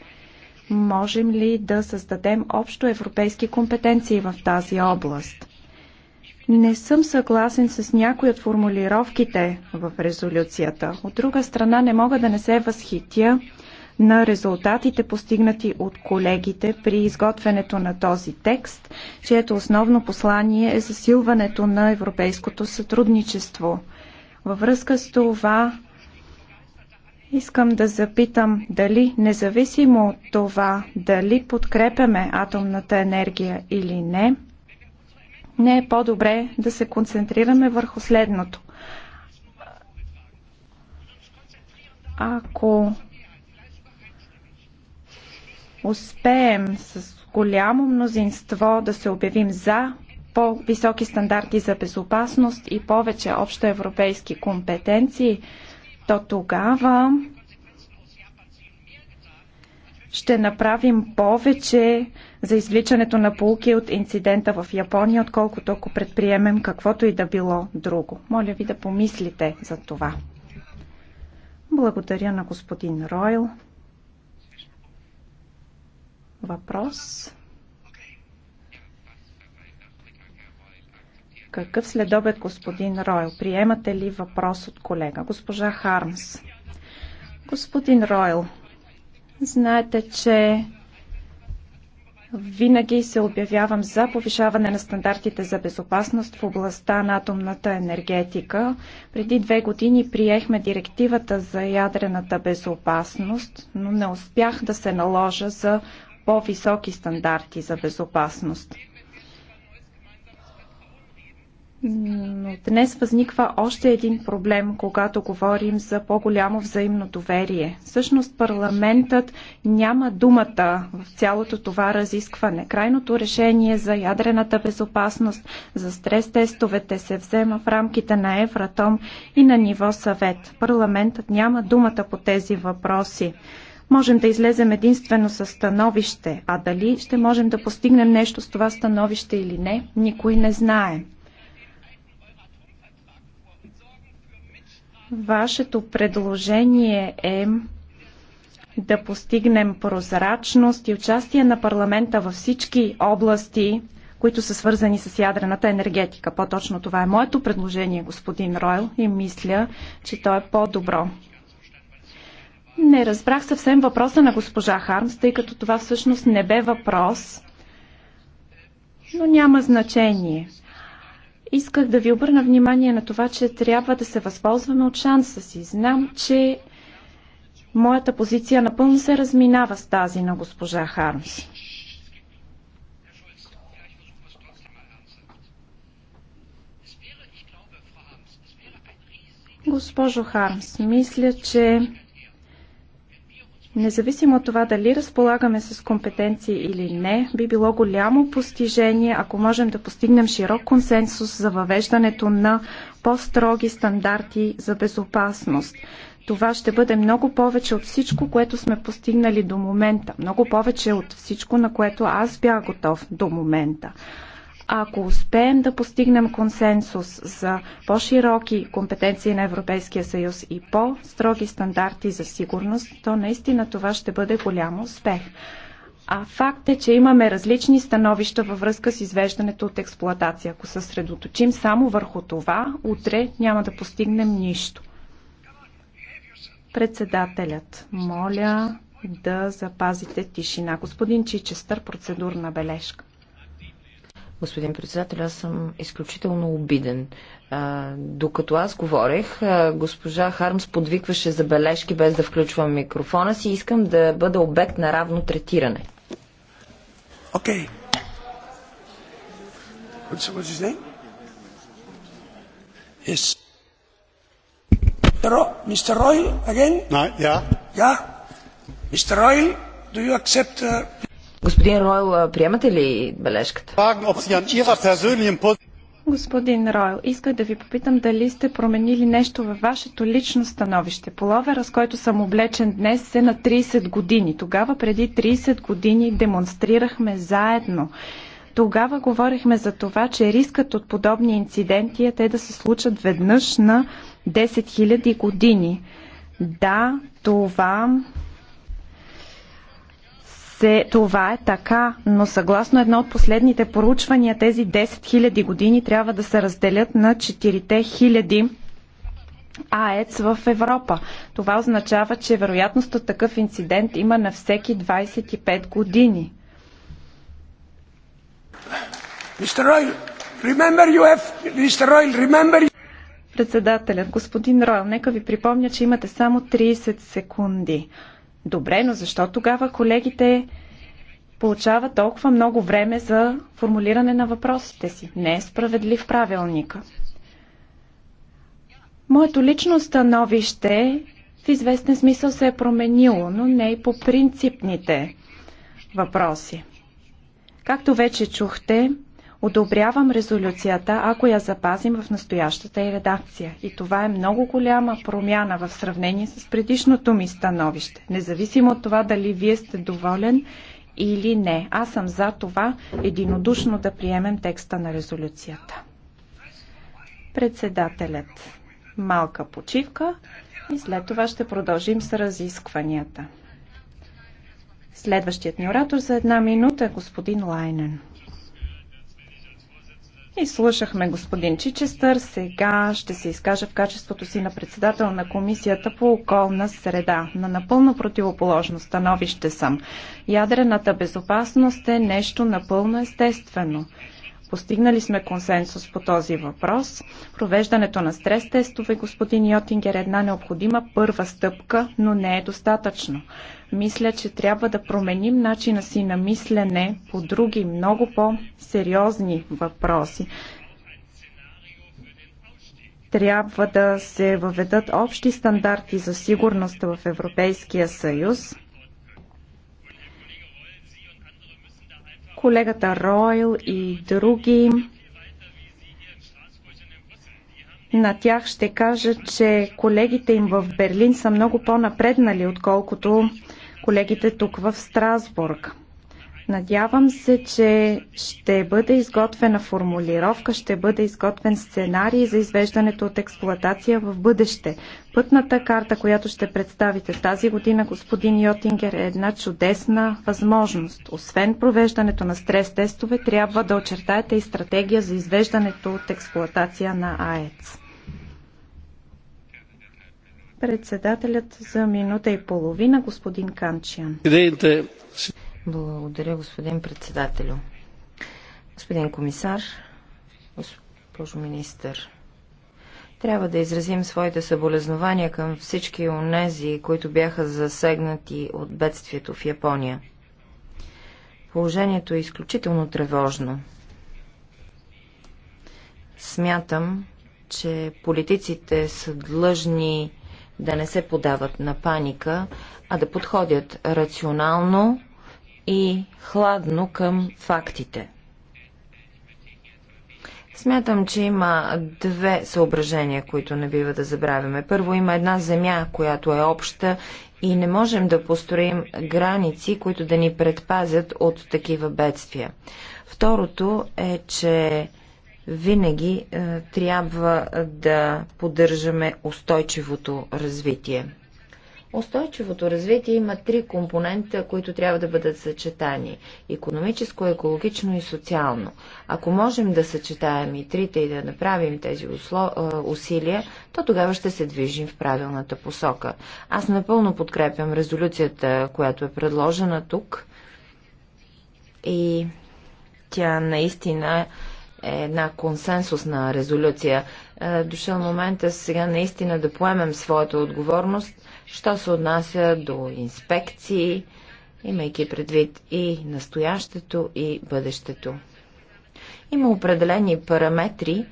можем ли да създадем общо европейски компетенции в тази област. Не съм съгласен с някои от формулировките в резолюцията. От друга страна не мога да не се възхитя на резултатите постигнати от колегите при изготвянето на този текст, чието основно послание е засилването на европейското сътрудничество. Във връзка с това Искам да запитам дали, независимо от това, дали подкрепяме атомната енергия или не, не е по-добре да се концентрираме върху следното. Ако успеем с голямо мнозинство да се обявим за по-високи стандарти за безопасност и повече общоевропейски компетенции, то тогава ще направим повече за извличането на полуки от инцидента в Япония, отколкото ако предприемем каквото и да било друго. Моля ви да помислите за това. Благодаря на господин Ройл. Въпрос. Какъв следобед, господин Ройл? Приемате ли въпрос от колега? Госпожа Хармс. Господин Ройл, знаете, че винаги се обявявам за повишаване на стандартите за безопасност в областта на атомната енергетика. Преди две години приехме директивата за ядрената безопасност, но не успях да се наложа за по-високи стандарти за безопасност. Но днес възниква още един проблем, когато говорим за по-голямо взаимно доверие. Всъщност парламентът няма думата в цялото това разискване. Крайното решение за ядрената безопасност, за стрес-тестовете се взема в рамките на Евратом и на ниво съвет. Парламентът няма думата по тези въпроси. Можем да излезем единствено с становище, а дали ще можем да постигнем нещо с това становище или не, никой не знае. Вашето предложение е да постигнем прозрачност и участие на парламента във всички области, които са свързани с ядрената енергетика. По-точно това е моето предложение, господин Ройл, и мисля, че то е по-добро. Не разбрах съвсем въпроса на госпожа Хармс, тъй като това всъщност не бе въпрос, но няма значение. Исках да ви обърна внимание на това, че трябва да се възползваме от шанса си. Знам, че моята позиция напълно се разминава с тази на госпожа Хармс. Госпожо Хармс, мисля, че Независимо от това дали разполагаме с компетенции или не, би било голямо постижение, ако можем да постигнем широк консенсус за въвеждането на по-строги стандарти за безопасност. Това ще бъде много повече от всичко, което сме постигнали до момента. Много повече от всичко, на което аз бях готов до момента. Ако успеем да постигнем консенсус за по-широки компетенции на Европейския съюз и по-строги стандарти за сигурност, то наистина това ще бъде голям успех. А факт е, че имаме различни становища във връзка с извеждането от експлоатация. Ако съсредоточим само върху това, утре няма да постигнем нищо. Председателят, моля да запазите тишина. Господин Чичестър, процедурна бележка. Господин председател, аз съм изключително обиден. А, докато аз говорех, а, госпожа Хармс подвикваше забележки без да включвам микрофона си. Искам да бъда обект на равно третиране. Окей. Okay. Yes. again? No, yeah. Yeah? do you accept... Uh... Господин Ройл, приемате ли бележката? Господин Ройл, исках да ви попитам дали сте променили нещо във вашето лично становище. Половера, с който съм облечен днес, е на 30 години. Тогава, преди 30 години, демонстрирахме заедно. Тогава говорихме за това, че рискът от подобни инциденти е те да се случат веднъж на 10 000 години. Да, това се, това е така, но съгласно едно от последните поручвания, тези 10 000 години трябва да се разделят на 4 000 АЕЦ в Европа. Това означава, че вероятност от такъв инцидент има на всеки 25 години. Председателят, господин Ройл, нека ви припомня, че имате само 30 секунди. Добре, но защо тогава колегите получават толкова много време за формулиране на въпросите си? Не е справедлив правилника. Моето лично становище в известен смисъл се е променило, но не и по принципните въпроси. Както вече чухте, Одобрявам резолюцията, ако я запазим в настоящата и редакция. И това е много голяма промяна в сравнение с предишното ми становище. Независимо от това дали вие сте доволен или не. Аз съм за това единодушно да приемем текста на резолюцията. Председателят. Малка почивка и след това ще продължим с разискванията. Следващият ни оратор за една минута е господин Лайнен. Изслушахме слушахме господин Чичестър. Сега ще се изкажа в качеството си на председател на Комисията по околна среда. На напълно противоположно становище съм. Ядрената безопасност е нещо напълно естествено. Постигнали сме консенсус по този въпрос. Провеждането на стрес тестове, господин Йотингер, е една необходима първа стъпка, но не е достатъчно. Мисля, че трябва да променим начина си на мислене по други, много по-сериозни въпроси трябва да се въведат общи стандарти за сигурност в Европейския съюз. Колегата Ройл и други на тях ще кажа, че колегите им в Берлин са много по-напреднали, отколкото колегите тук в Страсбург. Надявам се, че ще бъде изготвена формулировка, ще бъде изготвен сценарий за извеждането от експлоатация в бъдеще. Пътната карта, която ще представите тази година, господин Йотингер, е една чудесна възможност. Освен провеждането на стрес-тестове, трябва да очертаете и стратегия за извеждането от експлоатация на АЕЦ. Председателят за минута и половина, господин Канчиан. Благодаря, господин председателю. Господин комисар, госпожо министър, трябва да изразим своите съболезнования към всички онези, които бяха засегнати от бедствието в Япония. Положението е изключително тревожно. Смятам, че политиците са длъжни да не се подават на паника, а да подходят рационално и хладно към фактите. Смятам, че има две съображения, които не бива да забравяме. Първо, има една земя, която е обща и не можем да построим граници, които да ни предпазят от такива бедствия. Второто е, че винаги е, трябва да поддържаме устойчивото развитие. Устойчивото развитие има три компонента, които трябва да бъдат съчетани – економическо, екологично и социално. Ако можем да съчетаем и трите и да направим тези е, усилия, то тогава ще се движим в правилната посока. Аз напълно подкрепям резолюцията, която е предложена тук и тя наистина е е една консенсусна резолюция. Е, дошъл момента сега наистина да поемем своята отговорност, що се отнася до инспекции, имайки предвид и настоящето, и бъдещето. Има определени параметри,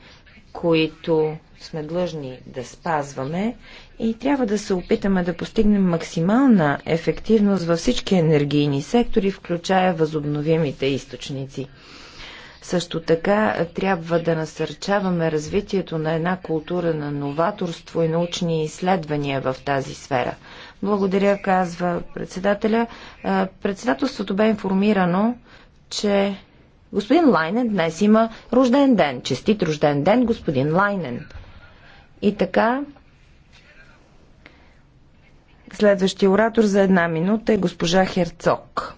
които сме длъжни да спазваме и трябва да се опитаме да постигнем максимална ефективност във всички енергийни сектори, включая възобновимите източници. Също така е, трябва да насърчаваме развитието на една култура на новаторство и научни изследвания в тази сфера. Благодаря, казва председателя. Е, председателството бе информирано, че господин Лайнен днес има рожден ден. Честит рожден ден, господин Лайнен. И така, следващия оратор за една минута е госпожа Херцог.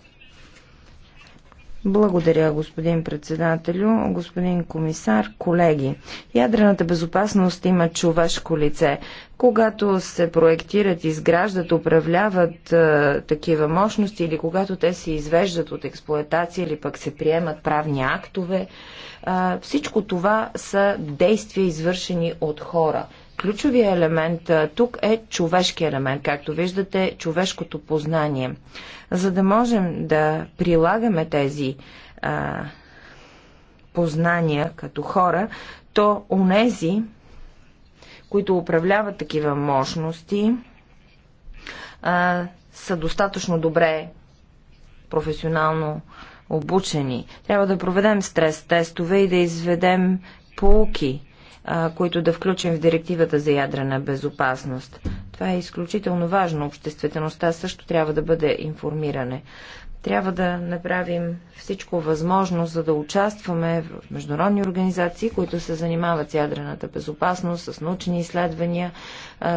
Благодаря, господин председателю, господин комисар, колеги. Ядрената безопасност има човешко лице. Когато се проектират, изграждат, управляват е, такива мощности или когато те се извеждат от експлоатация или пък се приемат правни актове, е, всичко това са действия извършени от хора – Ключовия елемент тук е човешки елемент, както виждате, човешкото познание. За да можем да прилагаме тези а, познания като хора, то онези, които управляват такива мощности, а, са достатъчно добре професионално обучени. Трябва да проведем стрес тестове и да изведем полуки които да включим в директивата за ядрена безопасност. Това е изключително важно. Обществеността също трябва да бъде информиране. Трябва да направим всичко възможно, за да участваме в международни организации, които се занимават с ядрената безопасност, с научни изследвания,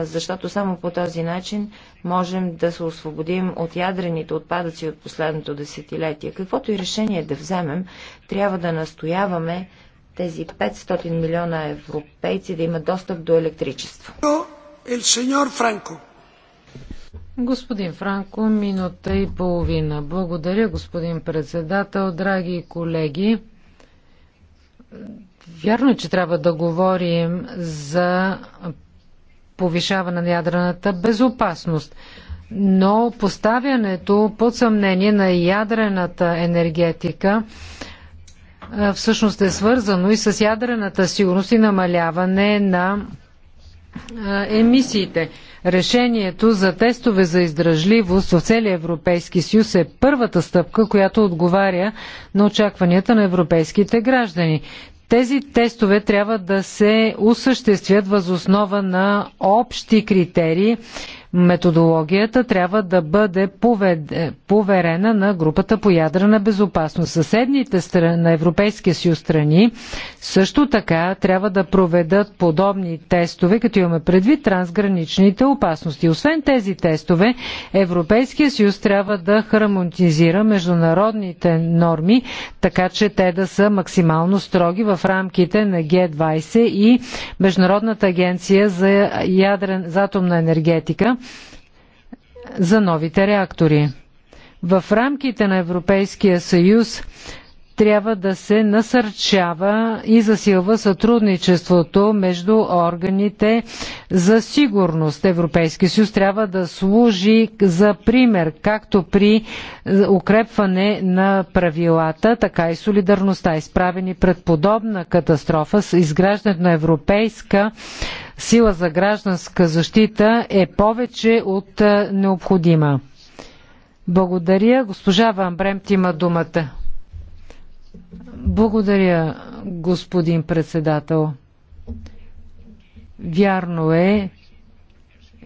защото само по този начин можем да се освободим от ядрените отпадъци от последното десетилетие. Каквото и решение да вземем, трябва да настояваме тези 500 милиона европейци да имат достъп до електричество. Е, господин Франко, минута и половина. Благодаря, господин председател, драги колеги. Вярно е, че трябва да говорим за повишаване на ядрената безопасност. Но поставянето под съмнение на ядрената енергетика всъщност е свързано и с ядрената сигурност и намаляване на емисиите. Решението за тестове за издръжливост в целия Европейски съюз е първата стъпка, която отговаря на очакванията на европейските граждани. Тези тестове трябва да се осъществят възоснова на общи критерии, Методологията трябва да бъде поверена на групата по ядрена безопасност. Съседните страни на Европейския съюз страни също така трябва да проведат подобни тестове, като имаме предвид трансграничните опасности. Освен тези тестове, Европейския съюз трябва да хармонизира международните норми, така че те да са максимално строги в рамките на Г20 и Международната агенция за, ядрен, за атомна енергетика за новите реактори. В рамките на Европейския съюз трябва да се насърчава и засилва сътрудничеството между органите за сигурност. Европейския съюз трябва да служи за пример, както при укрепване на правилата, така и солидарността. Изправени пред подобна катастрофа с изграждането на европейска сила за гражданска защита е повече от необходима. Благодаря. Госпожа Ван Бремт има думата. Благодаря, господин председател. Вярно е,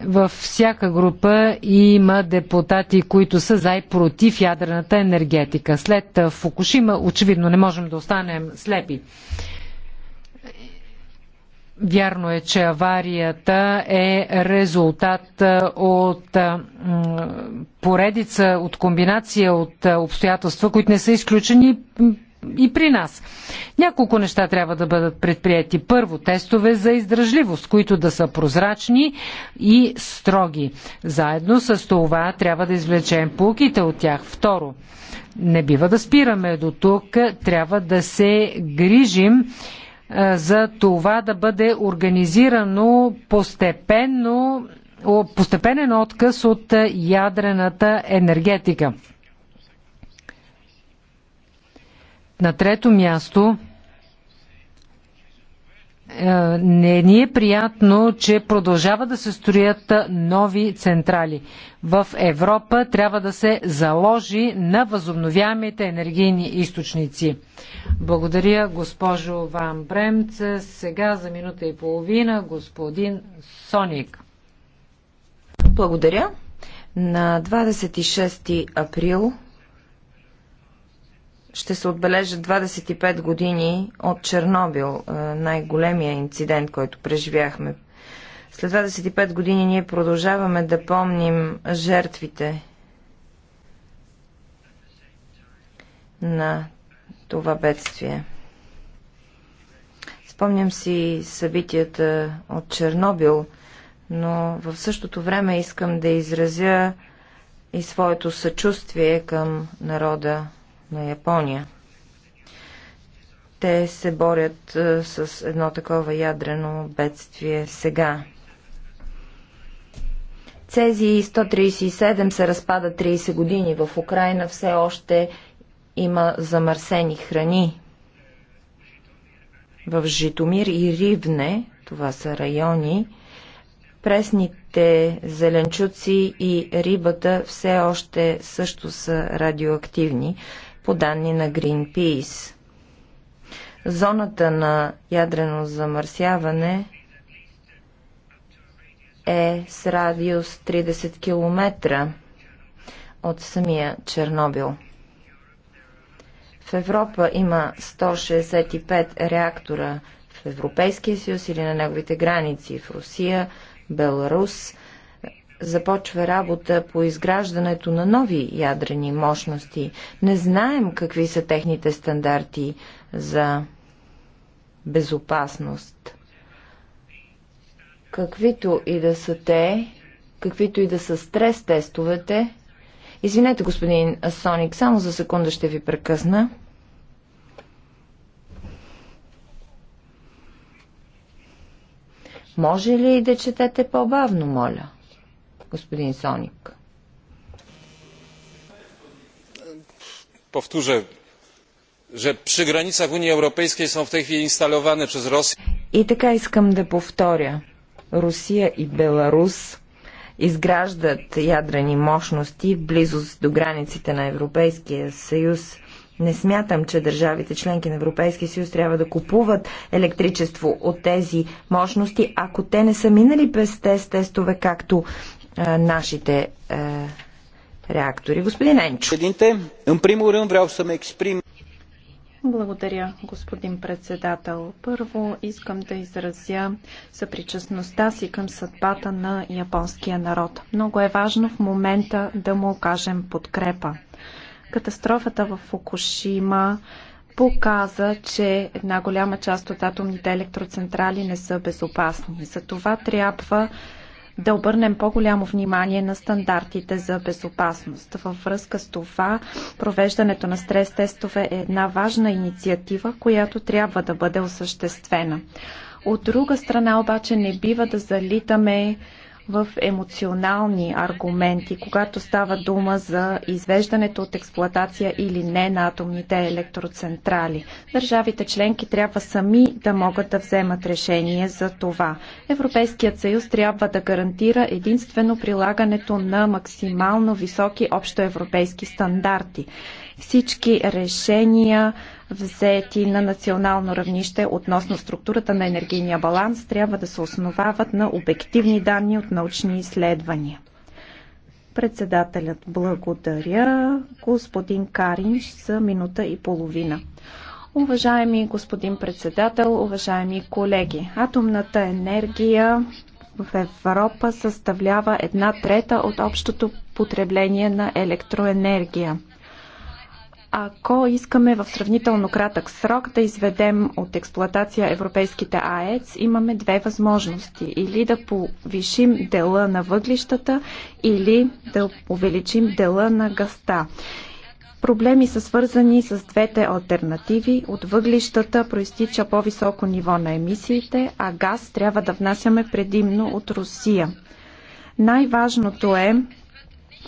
във всяка група има депутати, които са за и против ядрената енергетика. След Фукушима очевидно не можем да останем слепи. Вярно е, че аварията е резултат е, от е, поредица, от комбинация от е, обстоятелства, които не са изключени и при нас. Няколко неща трябва да бъдат предприяти. Първо, тестове за издръжливост, които да са прозрачни и строги. Заедно с това трябва да извлечем полките от тях. Второ, не бива да спираме до тук, трябва да се грижим е, за това да бъде организирано постепенно, постепенен отказ от ядрената енергетика. На трето място е, не ни е приятно, че продължава да се строят нови централи. В Европа трябва да се заложи на възобновяемите енергийни източници. Благодаря, госпожо Ван Бремц. Сега за минута и половина господин Соник. Благодаря. На 26 април ще се отбележат 25 години от Чернобил, е, най-големия инцидент, който преживяхме. След 25 години ние продължаваме да помним жертвите на това бедствие. Спомням си събитията от Чернобил, но в същото време искам да изразя и своето съчувствие към народа на Япония. Те се борят е, с едно такова ядрено бедствие сега. Цези 137 се разпада 30 години. В Украина все още има замърсени храни. В Житомир и Ривне, това са райони, пресните зеленчуци и рибата все още също са радиоактивни по данни на Greenpeace. Зоната на ядрено замърсяване е с радиус 30 км от самия Чернобил. В Европа има 165 реактора в Европейския съюз или на неговите граници в Русия, Беларус, започва работа по изграждането на нови ядрени мощности. Не знаем какви са техните стандарти за безопасност. Каквито и да са те, каквито и да са стрес тестовете. Извинете, господин Соник, само за секунда ще ви прекъсна. Може ли да четете по-бавно, моля? господин Соник. Powtórzę, że при granicach Unii Europejskiej są w tej chwili instalowane przez Rosję. И така искам да повторя. Русия и Беларус изграждат ядрени мощности в близост до границите на Европейския съюз. Не смятам, че държавите членки на Европейския съюз трябва да купуват електричество от тези мощности, ако те не са минали през тези тестове, както нашите реактори. Господин Енчо. Благодаря, господин председател. Първо искам да изразя съпричастността си към съдбата на японския народ. Много е важно в момента да му окажем подкрепа. Катастрофата в Фукушима показа, че една голяма част от атомните електроцентрали не са безопасни. За това трябва да обърнем по-голямо внимание на стандартите за безопасност. Във връзка с това, провеждането на стрес-тестове е една важна инициатива, която трябва да бъде осъществена. От друга страна обаче не бива да залитаме в емоционални аргументи, когато става дума за извеждането от експлоатация или не на атомните електроцентрали. Държавите членки трябва сами да могат да вземат решение за това. Европейският съюз трябва да гарантира единствено прилагането на максимално високи общоевропейски стандарти. Всички решения, взети на национално равнище относно структурата на енергийния баланс, трябва да се основават на обективни данни от научни изследвания. Председателят благодаря господин Каринш за минута и половина. Уважаеми господин председател, уважаеми колеги, атомната енергия в Европа съставлява една трета от общото потребление на електроенергия. Ако искаме в сравнително кратък срок да изведем от експлоатация европейските АЕЦ, имаме две възможности. Или да повишим дела на въглищата, или да увеличим дела на гъста. Проблеми са свързани с двете альтернативи. От въглищата проистича по-високо ниво на емисиите, а газ трябва да внасяме предимно от Русия. Най-важното е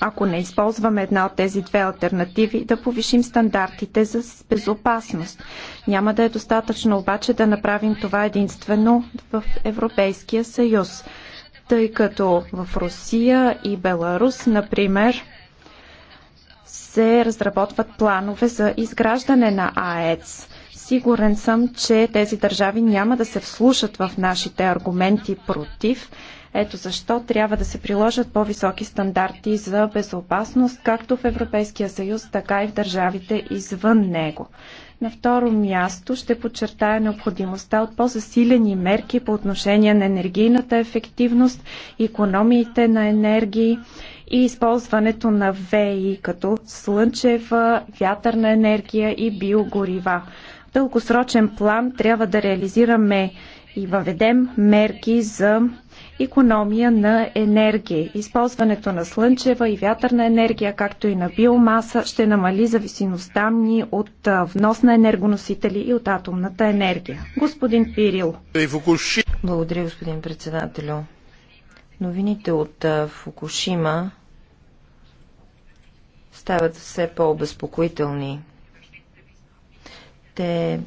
ако не използваме една от тези две альтернативи, да повишим стандартите за безопасност. Няма да е достатъчно обаче да направим това единствено в Европейския съюз, тъй като в Русия и Беларус, например, се разработват планове за изграждане на АЕЦ. Сигурен съм, че тези държави няма да се вслушат в нашите аргументи против ето защо трябва да се приложат по-високи стандарти за безопасност, както в Европейския съюз, така и в държавите извън него. На второ място ще подчертая необходимостта от по-засилени мерки по отношение на енергийната ефективност, економиите на енергии и използването на ВИ като слънчева, вятърна енергия и биогорива. В дългосрочен план трябва да реализираме и въведем мерки за економия на енергия. Използването на слънчева и вятърна енергия, както и на биомаса, ще намали зависимостта ни от внос на енергоносители и от атомната енергия. Господин Пирил. Благодаря, господин председателю. Новините от Фукушима стават все по-обезпокоителни. Те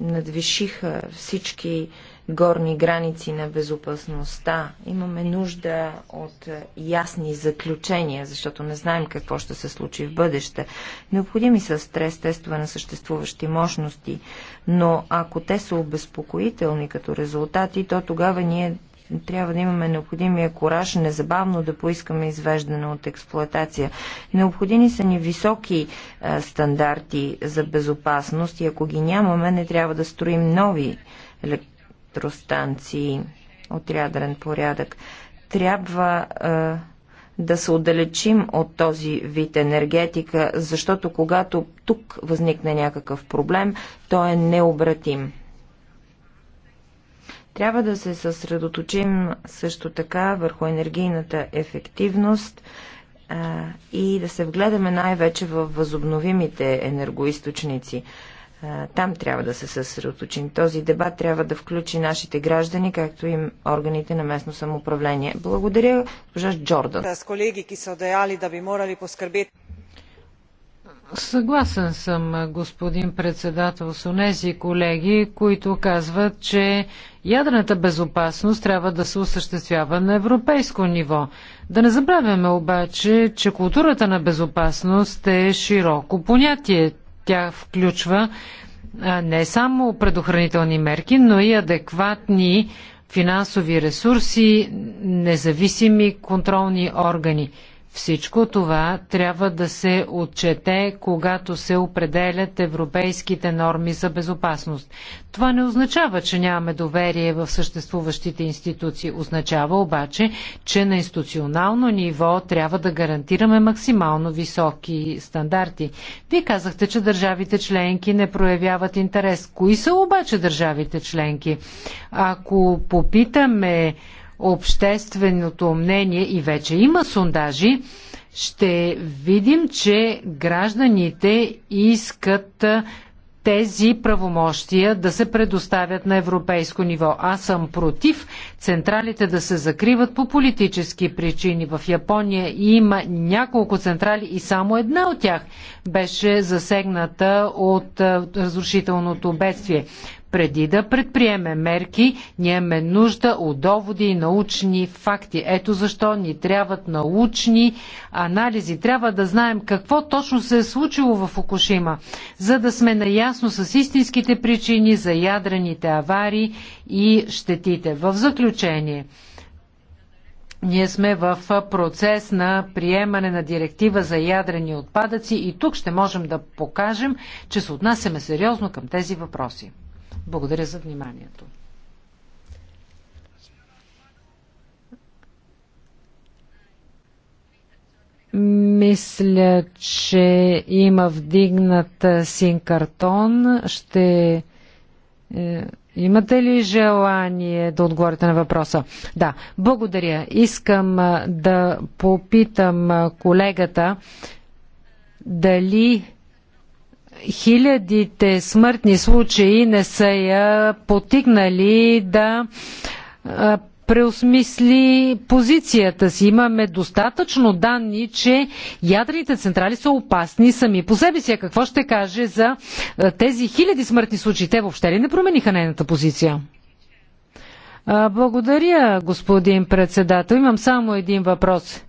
надвишиха всички горни граници на безопасността. Имаме нужда от ясни заключения, защото не знаем какво ще се случи в бъдеще. Необходими са стрес тестове на съществуващи мощности, но ако те са обезпокоителни като резултати, то тогава ние трябва да имаме необходимия кораж незабавно да поискаме извеждане от експлоатация. Необходими са ни високи е, стандарти за безопасност и ако ги нямаме, не трябва да строим нови електростанции от ядрен порядък. Трябва е, да се отдалечим от този вид енергетика, защото когато тук възникне някакъв проблем, то е необратим. Трябва да се съсредоточим също така върху енергийната ефективност е, и да се вгледаме най-вече в възобновимите енергоисточници. Там трябва да се съсредоточим. Този дебат трябва да включи нашите граждани, както и органите на местно самоуправление. Благодаря, госпожа Джордан. С колеги, ки са деяли да би морали поскърбити. Съгласен съм, господин председател, с онези колеги, които казват, че ядрената безопасност трябва да се осъществява на европейско ниво. Да не забравяме обаче, че културата на безопасност е широко понятие. Тя включва не само предохранителни мерки, но и адекватни финансови ресурси, независими контролни органи. Всичко това трябва да се отчете, когато се определят европейските норми за безопасност. Това не означава, че нямаме доверие в съществуващите институции. Означава обаче, че на институционално ниво трябва да гарантираме максимално високи стандарти. Вие казахте, че държавите членки не проявяват интерес. Кои са обаче държавите членки? Ако попитаме общественото мнение и вече има сондажи, ще видим, че гражданите искат тези правомощия да се предоставят на европейско ниво. Аз съм против централите да се закриват по политически причини. В Япония има няколко централи и само една от тях беше засегната от разрушителното бедствие. Преди да предприеме мерки, ние имаме нужда от доводи и научни факти. Ето защо ни трябват научни анализи. Трябва да знаем какво точно се е случило в Фукушима, за да сме наясно с истинските причини за ядрените аварии и щетите. В заключение, ние сме в процес на приемане на директива за ядрени отпадъци и тук ще можем да покажем, че се отнасяме сериозно към тези въпроси. Благодаря за вниманието. Мисля, че има вдигнат е, син картон. Ще. Е, имате ли желание да отговорите на въпроса? Да, благодаря. Искам е, да попитам колегата дали хилядите смъртни случаи не са я потигнали да преосмисли позицията си. Имаме достатъчно данни, че ядрените централи са опасни сами по себе си. А какво ще каже за тези хиляди смъртни случаи? Те въобще ли не промениха нейната позиция? Благодаря, господин председател. Имам само един въпрос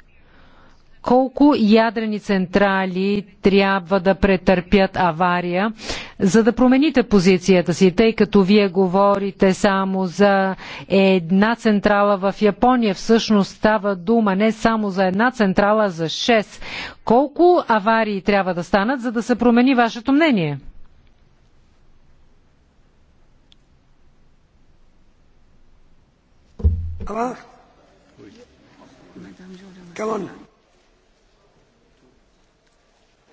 колко ядрени централи трябва да претърпят авария, за да промените позицията си, тъй като вие говорите само за една централа в Япония. Всъщност става дума не само за една централа, за 6. Колко аварии трябва да станат, за да се промени вашето мнение? Come on.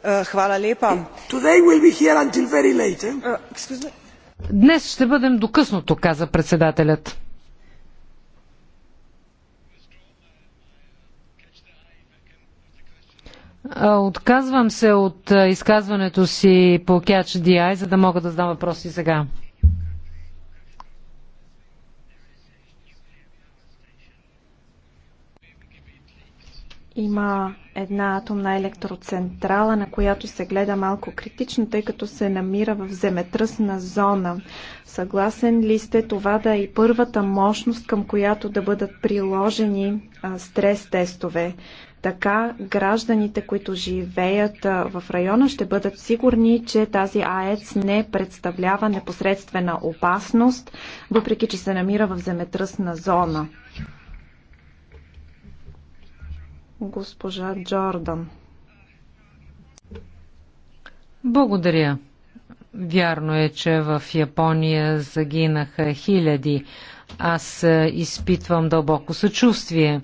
Е, eh? е, Днес ще бъдем докъснато, каза председателят. Отказвам се от изказването си по Catch DI, за да мога да задам въпроси сега. Има една атомна електроцентрала, на която се гледа малко критично, тъй като се намира в земетръсна зона. Съгласен ли сте това да е и първата мощност, към която да бъдат приложени стрес-тестове? Така гражданите, които живеят в района, ще бъдат сигурни, че тази АЕЦ не представлява непосредствена опасност, въпреки че се намира в земетръсна зона госпожа Джордан. Благодаря. Вярно е, че в Япония загинаха хиляди. Аз е, изпитвам дълбоко съчувствие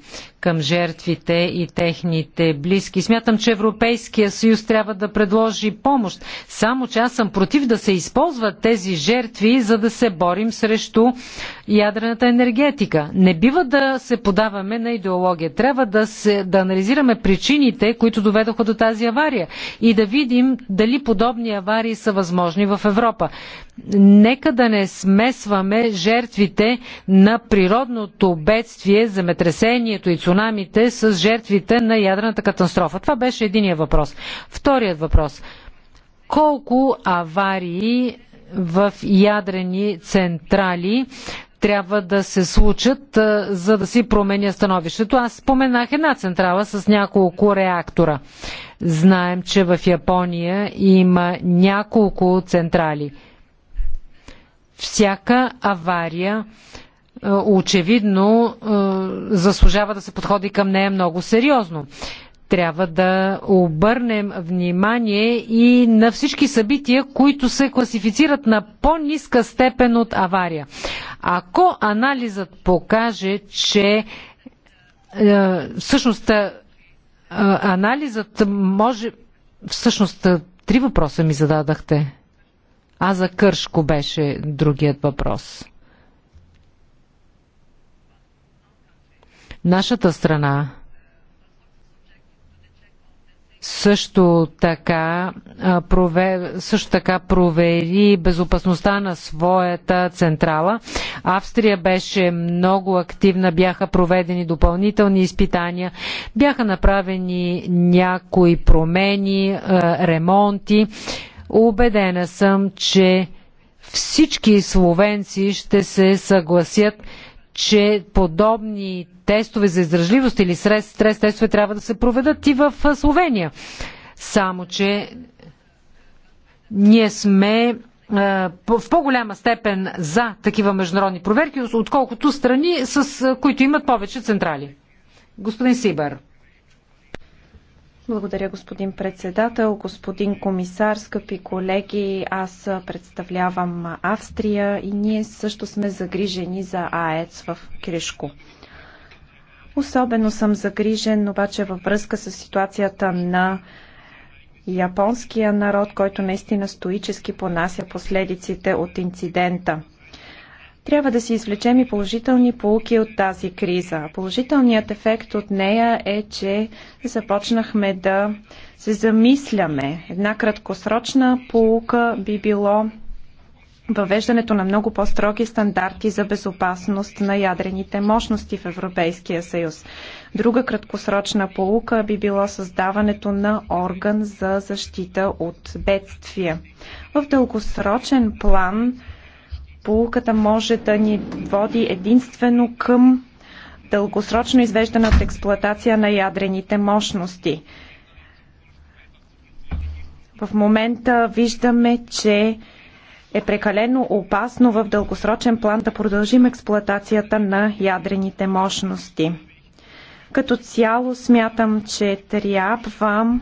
към жертвите и техните близки. Смятам, че Европейския съюз трябва да предложи помощ. Само, че аз съм против да се използват тези жертви, за да се борим срещу ядрената енергетика. Не бива да се подаваме на идеология. Трябва да, се, да анализираме причините, които доведоха до тази авария и да видим дали подобни аварии са възможни в Европа. Нека да не смесваме жертвите на природното бедствие, земетресението и цунамито цунамите с жертвите на ядрената катастрофа? Това беше единия въпрос. Вторият въпрос. Колко аварии в ядрени централи трябва да се случат, за да си променя становището. Аз споменах една централа с няколко реактора. Знаем, че в Япония има няколко централи. Всяка авария е, очевидно е, заслужава да се подходи към нея много сериозно. Трябва да обърнем внимание и на всички събития, които се класифицират на по-ниска степен от авария. Ако анализът покаже, че е, всъщност анализът може. Всъщност, три въпроса ми зададахте. А за Кършко беше другият въпрос. Нашата страна също така, провер, също така провери безопасността на своята централа. Австрия беше много активна, бяха проведени допълнителни изпитания, бяха направени някои промени, ремонти. Убедена съм, че всички словенци ще се съгласят, че подобни тестове за издържливост или стрес тестове трябва да се проведат и в Словения. Само, че ние сме в по-голяма степен за такива международни проверки, отколкото страни, с които имат повече централи. Господин Сибър. Благодаря, господин председател, господин комисар, скъпи колеги. Аз представлявам Австрия и ние също сме загрижени за АЕЦ в Кришко. Особено съм загрижен обаче във връзка с ситуацията на японския народ, който наистина стоически понася последиците от инцидента. Трябва да си извлечем и положителни полуки от тази криза. Положителният ефект от нея е, че започнахме да се замисляме. Една краткосрочна полука би било въвеждането на много по-строги стандарти за безопасност на ядрените мощности в Европейския съюз. Друга краткосрочна полука би било създаването на орган за защита от бедствия. В дългосрочен план полуката може да ни води единствено към дългосрочно извеждане от експлоатация на ядрените мощности. В момента виждаме, че е прекалено опасно в дългосрочен план да продължим експлоатацията на ядрените мощности. Като цяло смятам, че трябва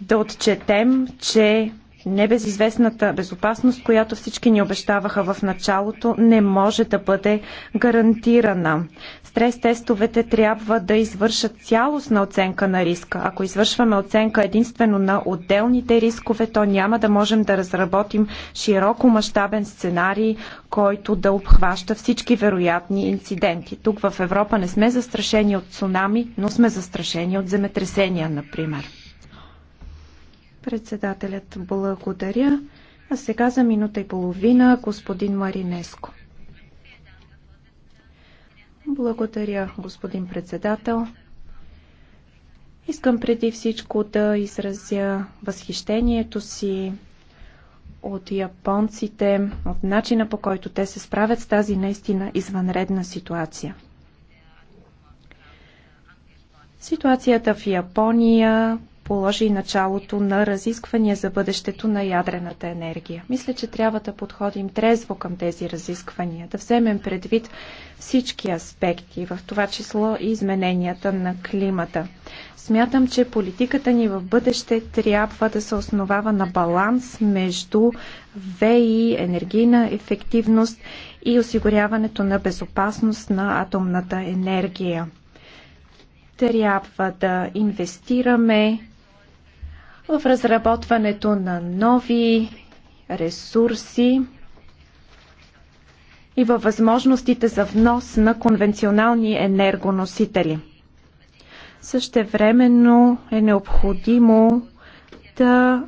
да отчетем, че небезизвестната безопасност, която всички ни обещаваха в началото, не може да бъде гарантирана. Стрес-тестовете трябва да извършат цялостна оценка на риска. Ако извършваме оценка единствено на отделните рискове, то няма да можем да разработим широко мащабен сценарий, който да обхваща всички вероятни инциденти. Тук в Европа не сме застрашени от цунами, но сме застрашени от земетресения, например. Председателят благодаря. А сега за минута и половина господин Маринеско. Благодаря, господин председател. Искам преди всичко да изразя възхищението си от японците, от начина по който те се справят с тази наистина извънредна ситуация. Ситуацията в Япония положи началото на разисквания за бъдещето на ядрената енергия. Мисля, че трябва да подходим трезво към тези разисквания, да вземем предвид всички аспекти, в това число и измененията на климата. Смятам, че политиката ни в бъдеще трябва да се основава на баланс между ВИ, енергийна ефективност и осигуряването на безопасност на атомната енергия трябва да инвестираме в разработването на нови ресурси и във възможностите за внос на конвенционални енергоносители. Същевременно е необходимо да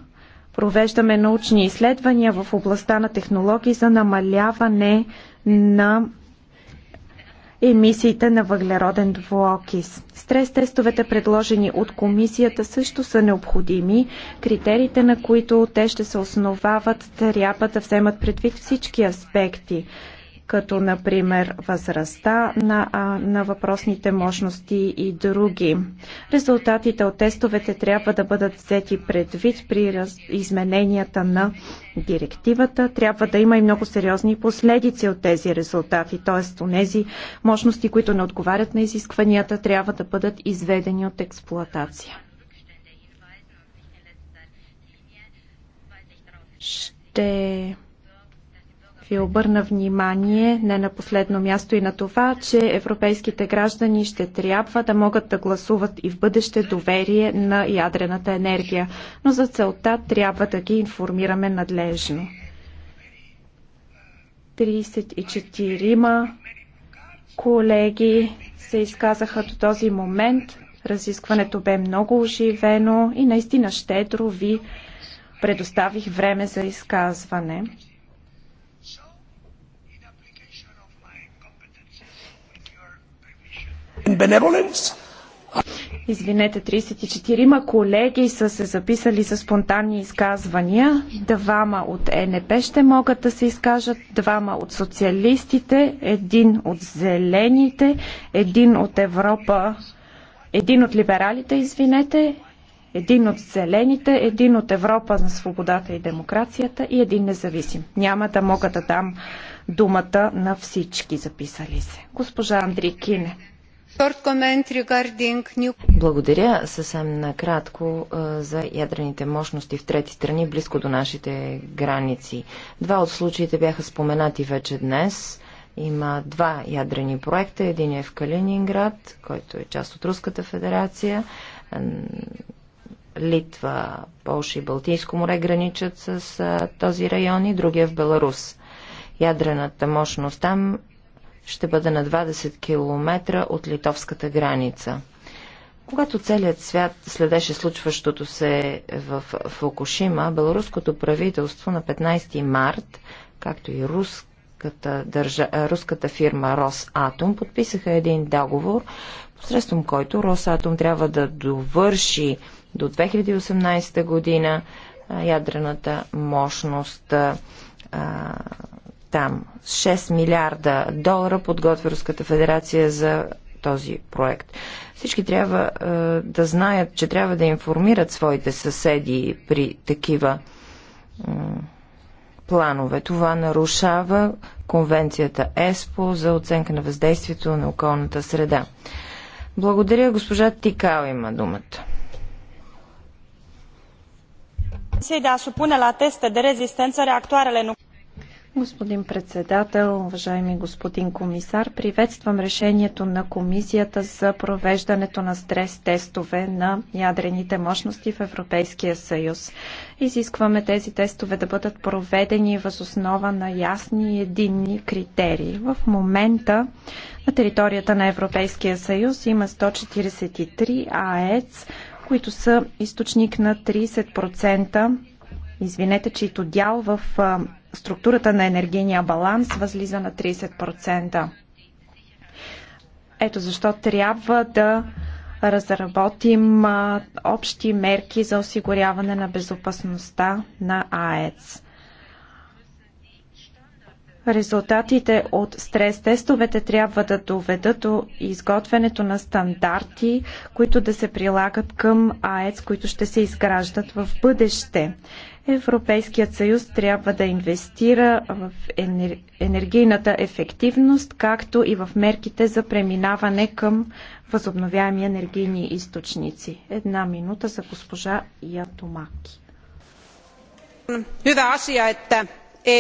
провеждаме научни изследвания в областта на технологии за намаляване на емисиите на въглероден двуокис. Стрес тестовете, предложени от комисията, също са необходими. Критериите, на които те ще се основават, трябва да вземат предвид всички аспекти като например възрастта на, на въпросните мощности и други. Резултатите от тестовете трябва да бъдат взети предвид при раз, измененията на директивата. Трябва да има и много сериозни последици от тези резултати, т.е. тези мощности, които не отговарят на изискванията, трябва да бъдат изведени от експлоатация. Ще ви обърна внимание не на последно място и на това, че европейските граждани ще трябва да могат да гласуват и в бъдеще доверие на ядрената енергия, но за целта трябва да ги информираме надлежно. 34 колеги се изказаха до този момент. Разискването бе много оживено и наистина щедро ви предоставих време за изказване. benevolence. Извинете, 34-ма колеги са се записали за спонтанни изказвания. Двама от ЕНП ще могат да се изкажат, двама от социалистите, един от зелените, един от Европа, един от либералите, извинете, един от зелените, един от Европа за свободата и демокрацията и един независим. Няма да мога да дам думата на всички записали се. Госпожа Андрикине. Благодаря съвсем накратко за ядрените мощности в трети страни, близко до нашите граници. Два от случаите бяха споменати вече днес. Има два ядрени проекта. Един е в Калининград, който е част от Руската федерация. Литва, Полша и Балтийско море граничат с този район и другия в Беларус. Ядрената мощност там ще бъде на 20 км от литовската граница. Когато целият свят следеше случващото се в Фукушима, беларуското правителство на 15 март, както и руската, държа, руската фирма Росатом подписаха един договор, посредством който Росатом трябва да довърши до 2018 година ядрената мощност там. С 6 милиарда долара подготвя Руската федерация за този проект. Всички трябва е, да знаят, че трябва да информират своите съседи при такива е, планове. Това нарушава конвенцията ЕСПО за оценка на въздействието на околната среда. Благодаря, госпожа Тикал има думата. Comisiei de supune la teste de rezistență reactoarele nucleare. Господин председател, уважаеми господин комисар, приветствам решението на комисията за провеждането на стрес тестове на ядрените мощности в Европейския съюз. Изискваме тези тестове да бъдат проведени въз основа на ясни и единни критерии. В момента на територията на Европейския съюз има 143 АЕЦ, които са източник на 30%, извинете, чието дял в структурата на енергийния баланс възлиза на 30%. Ето защо трябва да разработим общи мерки за осигуряване на безопасността на АЕЦ. Резултатите от стрес-тестовете трябва да доведат до изготвянето на стандарти, които да се прилагат към АЕЦ, които ще се изграждат в бъдеще. Европейският съюз трябва да инвестира в енергийната ефективност, както и в мерките за преминаване към възобновяеми енергийни източници. Една минута за госпожа Ятомаки. Hyvä asia, että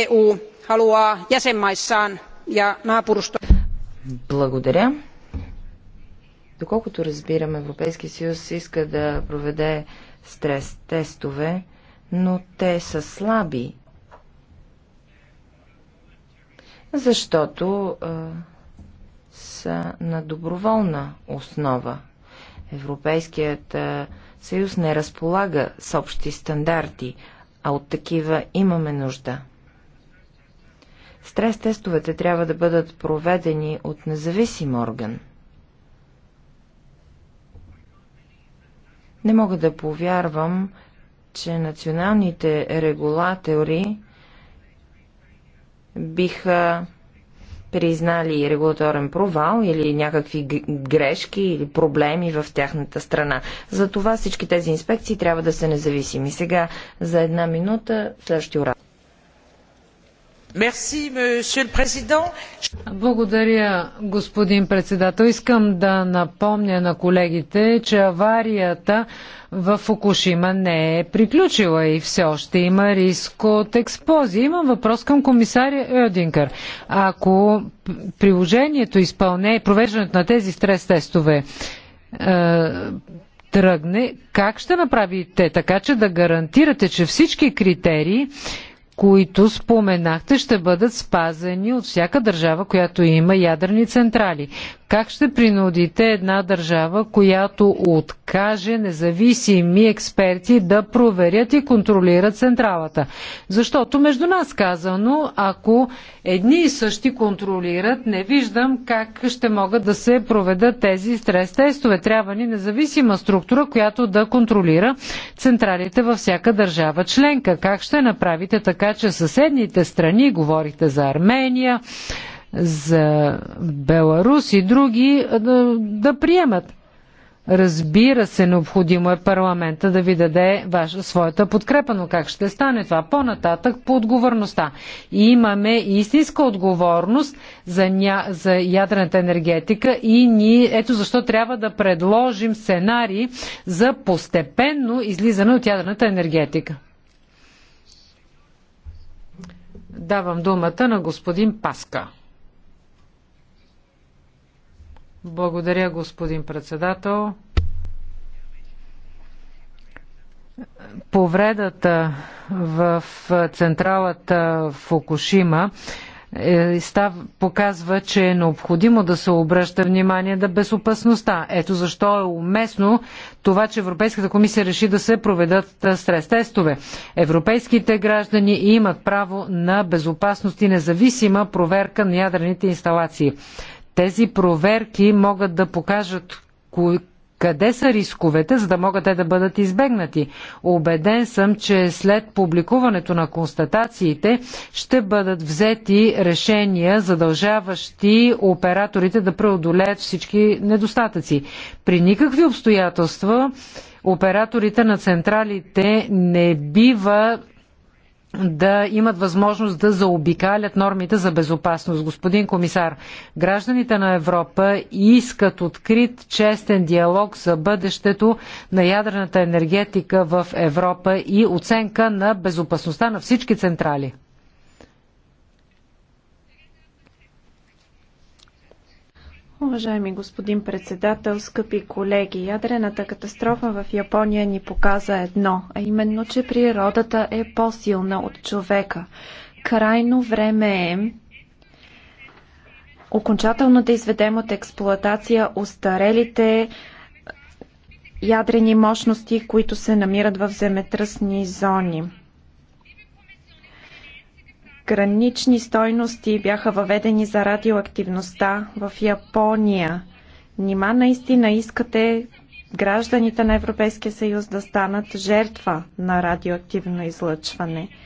EU haluaa jäsenmaissaan ja naapurusto... Благодаря. Доколкото разбирам, Европейския съюз иска да проведе стрес тестове но те са слаби, защото е, са на доброволна основа. Европейският е, съюз не разполага с общи стандарти, а от такива имаме нужда. Стрес-тестовете трябва да бъдат проведени от независим орган. Не мога да повярвам, че националните регулатори биха признали регулаторен провал или някакви грешки или проблеми в тяхната страна. Затова всички тези инспекции трябва да са независими. Сега за една минута следващия урок. Благодаря, господин председател. Искам да напомня на колегите, че аварията в Фукушима не е приключила и все още има риск от експлозия. Имам въпрос към комисаря Йодинкър. Ако приложението изпълне провеждането на тези стрес тестове е, тръгне, как ще направите така, че да гарантирате, че всички критерии които споменахте, ще бъдат спазени от всяка държава, която има ядрени централи. Как ще принудите една държава, която откаже независими експерти да проверят и контролират централата? Защото между нас казано, ако едни и същи контролират, не виждам как ще могат да се проведат тези стрес тестове. Трябва ни независима структура, която да контролира централите във всяка държава членка. Как ще направите така, че съседните страни, говорите за Армения, за Беларус и други да, да приемат. Разбира се, необходимо е парламента да ви даде ваша, своята подкрепа, но как ще стане това по-нататък по отговорността? И имаме истинска отговорност за, ня, за ядрената енергетика и ние, ето защо трябва да предложим сценарии за постепенно излизане от ядрената енергетика. Давам думата на господин Паска. Благодаря, господин председател. Повредата в централата в Фукушима е, став, показва, че е необходимо да се обръща внимание на безопасността. Ето защо е уместно това, че Европейската комисия реши да се проведат стрес-тестове. Европейските граждани имат право на безопасност и независима проверка на ядрените инсталации. Тези проверки могат да покажат кои, къде са рисковете, за да могат те да бъдат избегнати. Обеден съм, че след публикуването на констатациите ще бъдат взети решения, задължаващи операторите да преодолеят всички недостатъци. При никакви обстоятелства операторите на централите не бива да имат възможност да заобикалят нормите за безопасност. Господин комисар, гражданите на Европа искат открит, честен диалог за бъдещето на ядрената енергетика в Европа и оценка на безопасността на всички централи. Уважаеми господин председател, скъпи колеги, ядрената катастрофа в Япония ни показа едно, а именно, че природата е по-силна от човека. Крайно време е окончателно да изведем от експлоатация устарелите ядрени мощности, които се намират в земетръсни зони. Гранични стойности бяха въведени за радиоактивността в Япония. Нима наистина искате гражданите на Европейския съюз да станат жертва на радиоактивно излъчване –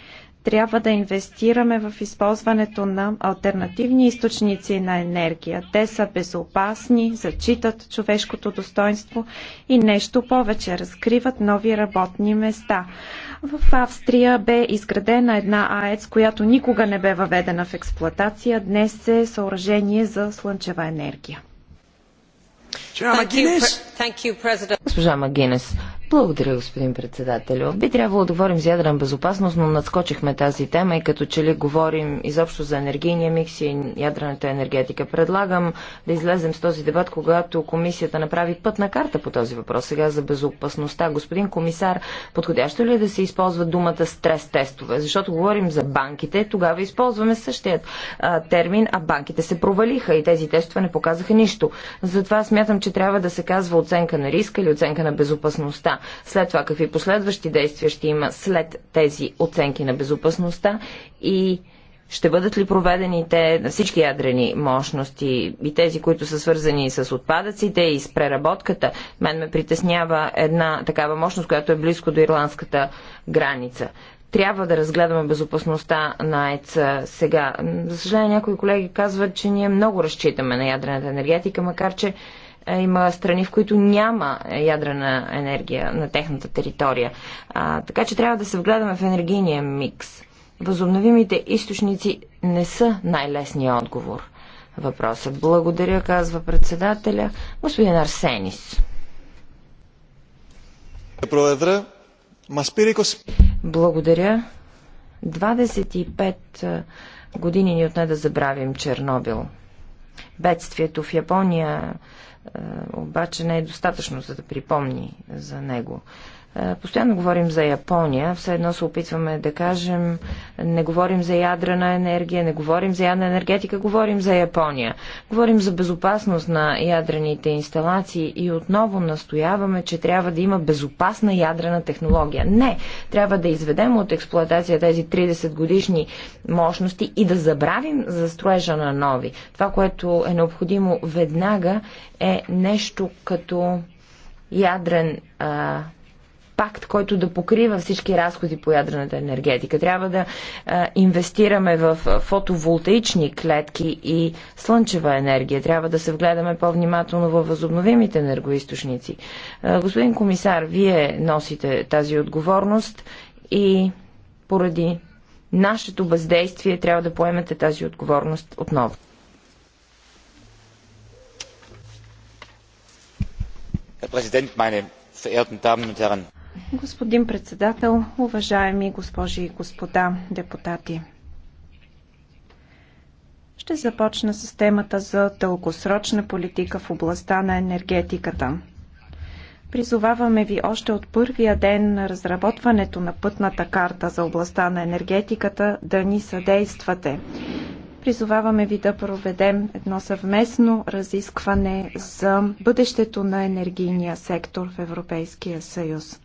трябва да инвестираме в използването на альтернативни източници на енергия. Те са безопасни, зачитат човешкото достоинство и нещо повече разкриват нови работни места. В Австрия бе изградена една АЕЦ, която никога не бе въведена в експлоатация. Днес е съоръжение за слънчева енергия. Госпожа Магинес. Благодаря, господин председател. Би трябвало да говорим за ядрена безопасност, но надскочихме тази тема и като че ли говорим изобщо за енергийния микс и ядрената енергетика. Предлагам да излезем с този дебат, когато комисията направи пътна карта по този въпрос. Сега за безопасността. Господин комисар, подходящо ли е да се използва думата стрес-тестове? Защото говорим за банките, тогава използваме същият а, термин, а банките се провалиха и тези тестове не показаха нищо. Затова смятам, че трябва да се казва оценка на риска или оценка на безопасността. След това какви последващи действия ще има след тези оценки на безопасността и ще бъдат ли проведени те на всички ядрени мощности и тези, които са свързани с отпадъците и с преработката? Мен ме притеснява една такава мощност, която е близко до ирландската граница трябва да разгледаме безопасността на ЕЦ сега. За съжаление, някои колеги казват, че ние много разчитаме на ядрената енергетика, макар че е, има страни, в които няма ядрена енергия на техната територия. А, така че трябва да се вгледаме в енергийния микс. Възобновимите източници не са най-лесният отговор. Въпросът благодаря, казва председателя, господин Арсенис. Благодаря. 25 години ни отне да забравим Чернобил. Бедствието в Япония е, обаче не е достатъчно, за да припомни за него. Е, постоянно говорим за Япония, все едно се опитваме да кажем, не говорим за ядрена енергия, не говорим за ядрена енергетика, говорим за Япония. Говорим за безопасност на ядрените инсталации и отново настояваме, че трябва да има безопасна ядрена технология. Не, трябва да изведем от експлоатация тези 30 годишни мощности и да забравим за строежа на нови. Това, което е необходимо веднага е нещо като ядрен а, пакт, който да покрива всички разходи по ядрената енергетика. Трябва да а, инвестираме в фотоволтаични клетки и слънчева енергия. Трябва да се вгледаме по-внимателно във възобновимите енергоисточници. А, господин комисар, вие носите тази отговорност и поради нашето бездействие трябва да поемете тази отговорност отново. herr präsident meine verehrten damen und herren! Господин председател, уважаеми госпожи и господа депутати. Ще започна с темата за дългосрочна политика в областта на енергетиката. Призоваваме ви още от първия ден на разработването на пътната карта за областта на енергетиката да ни съдействате. Призоваваме ви да проведем едно съвместно разискване за бъдещето на енергийния сектор в Европейския съюз.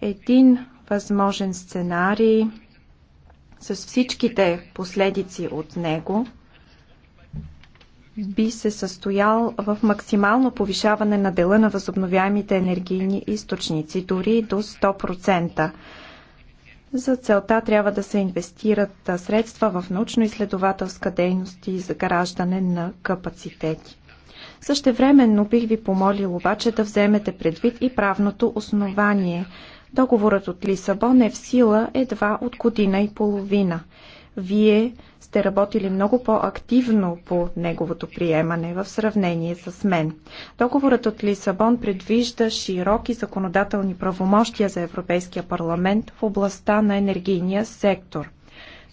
Един възможен сценарий с всичките последици от него би се състоял в максимално повишаване на дела на възобновяемите енергийни източници, дори до 100%. За целта трябва да се инвестират средства в научно-изследователска дейност и заграждане на капацитети. Същевременно бих ви помолил обаче да вземете предвид и правното основание – Договорът от Лисабон е в сила едва от година и половина. Вие сте работили много по-активно по неговото приемане в сравнение с мен. Договорът от Лисабон предвижда широки законодателни правомощия за Европейския парламент в областта на енергийния сектор.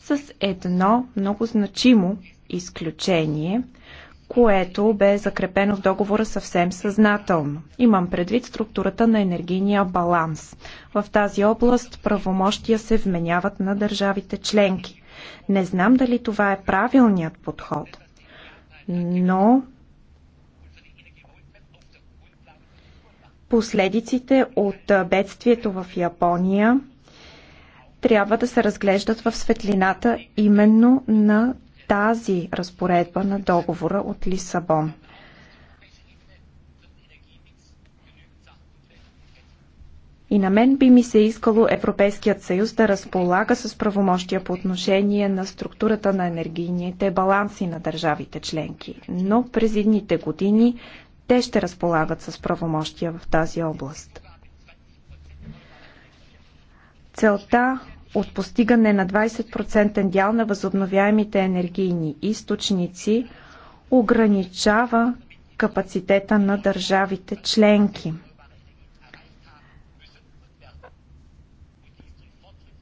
С едно много значимо изключение – което бе закрепено в договора съвсем съзнателно. Имам предвид структурата на енергийния баланс. В тази област правомощия се вменяват на държавите членки. Не знам дали това е правилният подход, но последиците от бедствието в Япония трябва да се разглеждат в светлината именно на тази разпоредба на договора от Лисабон. И на мен би ми се искало Европейският съюз да разполага с правомощия по отношение на структурата на енергийните баланси на държавите членки. Но през едните години те ще разполагат с правомощия в тази област. Целта от постигане на 20% дял на възобновяемите енергийни източници ограничава капацитета на държавите членки.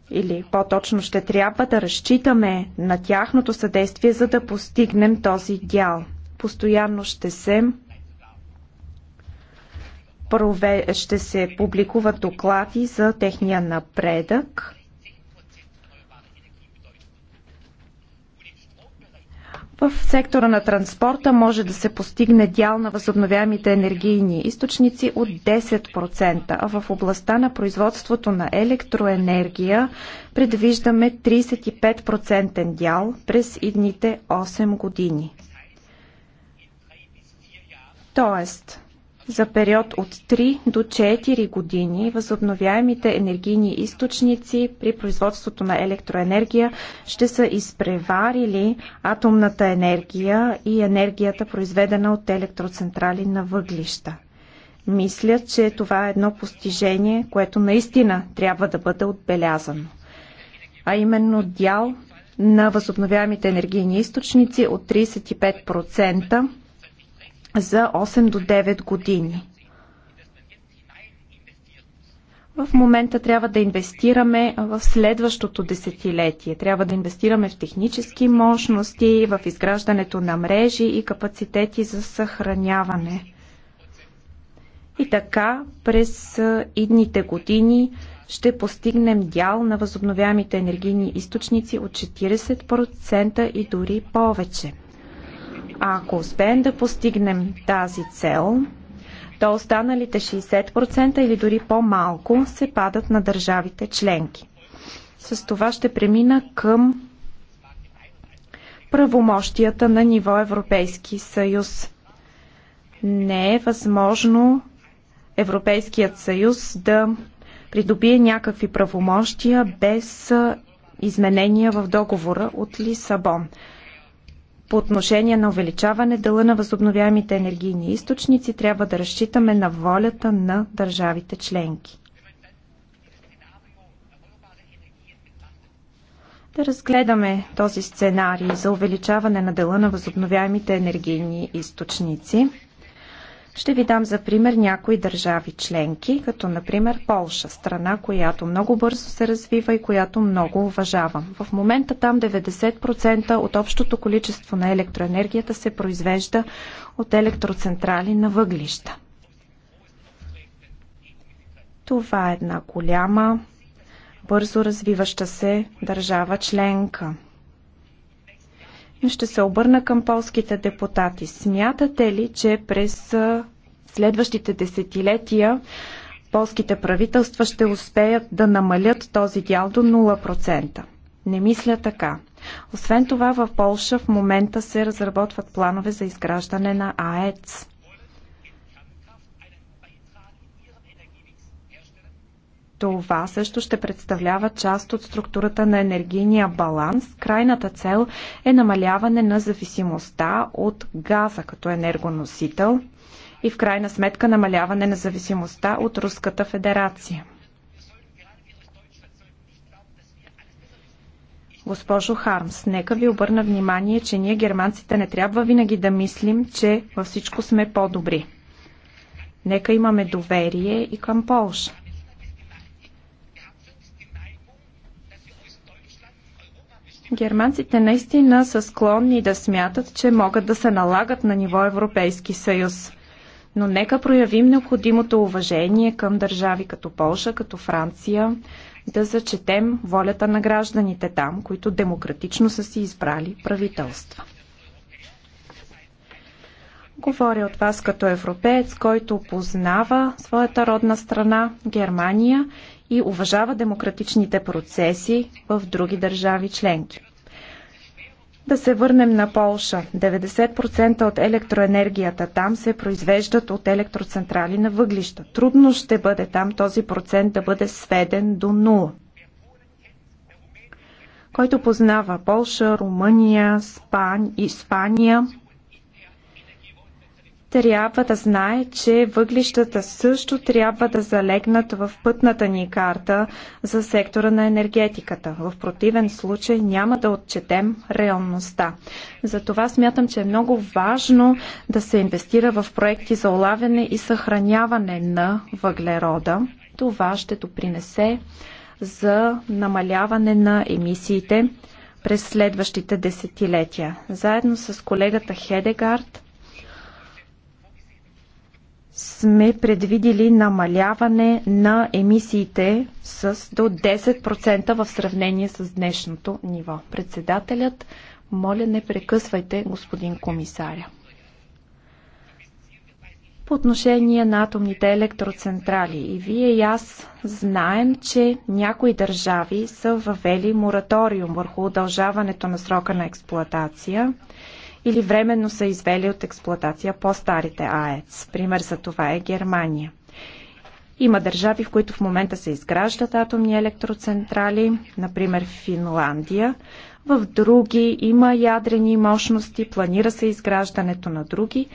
Или по-точно ще трябва да разчитаме на тяхното съдействие, за да постигнем този дял. Постоянно ще се ще се публикуват доклади за техния напредък В сектора на транспорта може да се постигне дял на възобновяемите енергийни източници от 10%, а в областта на производството на електроенергия предвиждаме 35% дял през идните 8 години. Тоест, за период от 3 до 4 години възобновяемите енергийни източници при производството на електроенергия ще са изпреварили атомната енергия и енергията произведена от електроцентрали на въглища. Мисля, че това е едно постижение, което наистина трябва да бъде отбелязано. А именно дял на възобновяемите енергийни източници от 35% за 8 до 9 години. В момента трябва да инвестираме в следващото десетилетие. Трябва да инвестираме в технически мощности, в изграждането на мрежи и капацитети за съхраняване. И така през идните години ще постигнем дял на възобновяемите енергийни източници от 40% и дори повече. Ако успеем да постигнем тази цел, то останалите 60% или дори по-малко се падат на държавите членки. С това ще премина към правомощията на ниво Европейски съюз. Не е възможно Европейският съюз да придобие някакви правомощия без изменения в договора от Лисабон. По отношение на увеличаване дела на възобновяемите енергийни източници трябва да разчитаме на волята на държавите членки. Да разгледаме този сценарий за увеличаване на дела на възобновяемите енергийни източници. Ще ви дам за пример някои държави членки, като например Полша, страна, която много бързо се развива и която много уважавам. В момента там 90% от общото количество на електроенергията се произвежда от електроцентрали на въглища. Това е една голяма, бързо развиваща се държава членка. Ще се обърна към полските депутати. Смятате ли, че през следващите десетилетия полските правителства ще успеят да намалят този дял до 0%? Не мисля така. Освен това в Полша в момента се разработват планове за изграждане на АЕЦ. Това също ще представлява част от структурата на енергийния баланс. Крайната цел е намаляване на зависимостта от газа като енергоносител и в крайна сметка намаляване на зависимостта от Руската федерация. Госпожо Хармс, нека ви обърна внимание, че ние германците не трябва винаги да мислим, че във всичко сме по-добри. Нека имаме доверие и към Полша. Германците наистина са склонни да смятат, че могат да се налагат на ниво Европейски съюз. Но нека проявим необходимото уважение към държави като Полша, като Франция, да зачетем волята на гражданите там, които демократично са си избрали правителства. Говоря от вас като европеец, който познава своята родна страна Германия и уважава демократичните процеси в други държави членки. Да се върнем на Полша. 90% от електроенергията там се произвеждат от електроцентрали на въглища. Трудно ще бъде там този процент да бъде сведен до нула. Който познава Полша, Румъния, Спан... Испания, трябва да знае, че въглищата също трябва да залегнат в пътната ни карта за сектора на енергетиката. В противен случай няма да отчетем реалността. Затова смятам, че е много важно да се инвестира в проекти за олавяне и съхраняване на въглерода. Това ще допринесе за намаляване на емисиите през следващите десетилетия. Заедно с колегата Хедегард сме предвидили намаляване на емисиите с до 10% в сравнение с днешното ниво. Председателят, моля не прекъсвайте господин комисаря. По отношение на атомните електроцентрали и вие и аз знаем, че някои държави са въвели мораториум върху удължаването на срока на експлоатация – или временно са извели от експлоатация по-старите АЕЦ. Пример за това е Германия. Има държави, в които в момента се изграждат атомни електроцентрали, например Финландия. В други има ядрени мощности, планира се изграждането на други.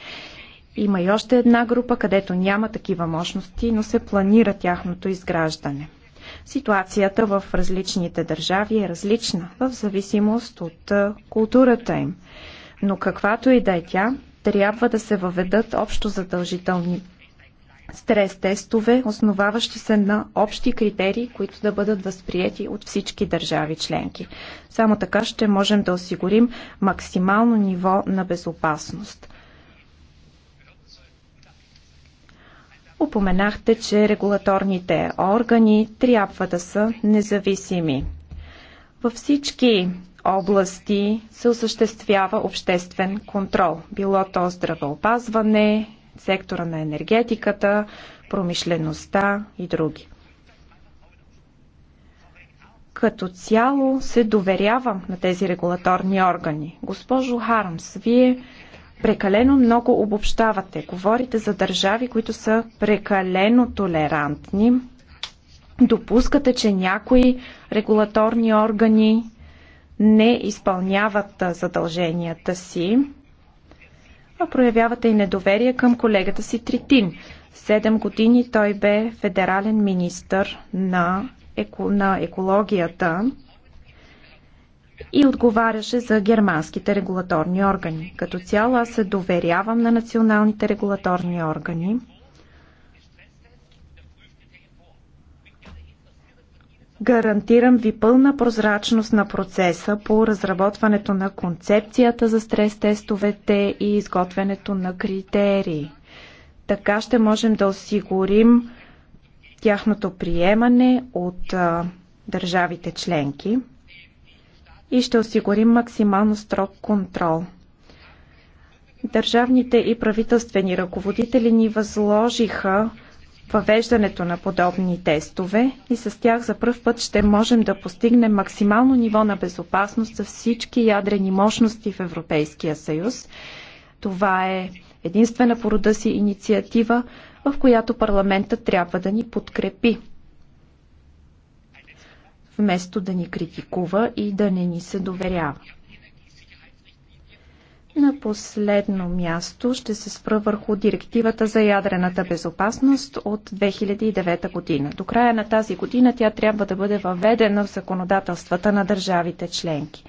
Има и още една група, където няма такива мощности, но се планира тяхното изграждане. Ситуацията в различните държави е различна в зависимост от културата им. Но каквато и да е тя, трябва да се въведат общо задължителни стрес-тестове, основаващи се на общи критерии, които да бъдат възприяти от всички държави членки. Само така ще можем да осигурим максимално ниво на безопасност. Упоменахте, че регулаторните органи трябва да са независими. Във всички области се осъществява обществен контрол. Било то здравеопазване, сектора на енергетиката, промишлеността и други. Като цяло се доверявам на тези регулаторни органи. Госпожо Хармс, вие прекалено много обобщавате. Говорите за държави, които са прекалено толерантни. Допускате, че някои регулаторни органи не изпълняват задълженията си, а проявявате и недоверие към колегата си Тритин. Седем години той бе федерален министър на, еко, на екологията и отговаряше за германските регулаторни органи. Като цяло аз се доверявам на националните регулаторни органи Гарантирам ви пълна прозрачност на процеса по разработването на концепцията за стрес-тестовете и изготвянето на критерии. Така ще можем да осигурим тяхното приемане от а, държавите членки и ще осигурим максимално строг контрол. Държавните и правителствени ръководители ни възложиха въвеждането на подобни тестове и с тях за първ път ще можем да постигнем максимално ниво на безопасност за всички ядрени мощности в Европейския съюз. Това е единствена по рода си инициатива, в която парламентът трябва да ни подкрепи, вместо да ни критикува и да не ни се доверява. На последно място ще се спра върху директивата за ядрената безопасност от 2009 година. До края на тази година тя трябва да бъде въведена в законодателствата на държавите членки.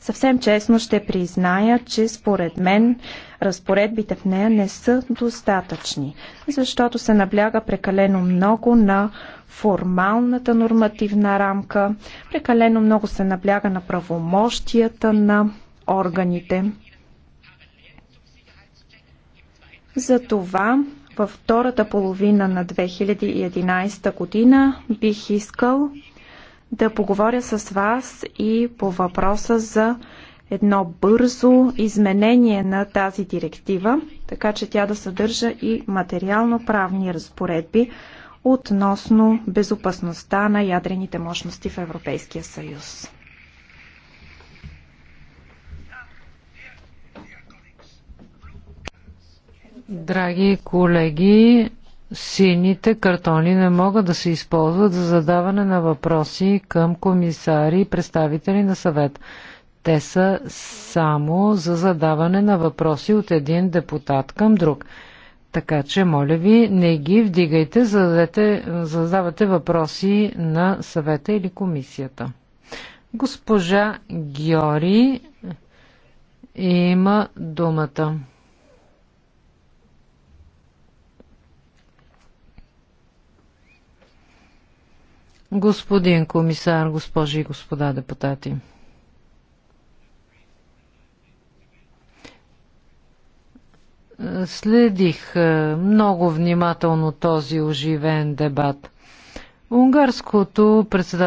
Съвсем честно ще призная, че според мен разпоредбите в нея не са достатъчни, защото се набляга прекалено много на формалната нормативна рамка, прекалено много се набляга на правомощията на органите, затова във втората половина на 2011 година бих искал да поговоря с вас и по въпроса за едно бързо изменение на тази директива, така че тя да съдържа и материално-правни разпоредби относно безопасността на ядрените мощности в Европейския съюз. Драги колеги, сините картони не могат да се използват за задаване на въпроси към комисари и представители на съвет. Те са само за задаване на въпроси от един депутат към друг. Така че, моля ви, не ги вдигайте, за задавате въпроси на съвета или комисията. Госпожа Георги има думата. Господин комисар, госпожи и господа депутати. Следих е, много внимателно този оживен дебат. Унгарското председателство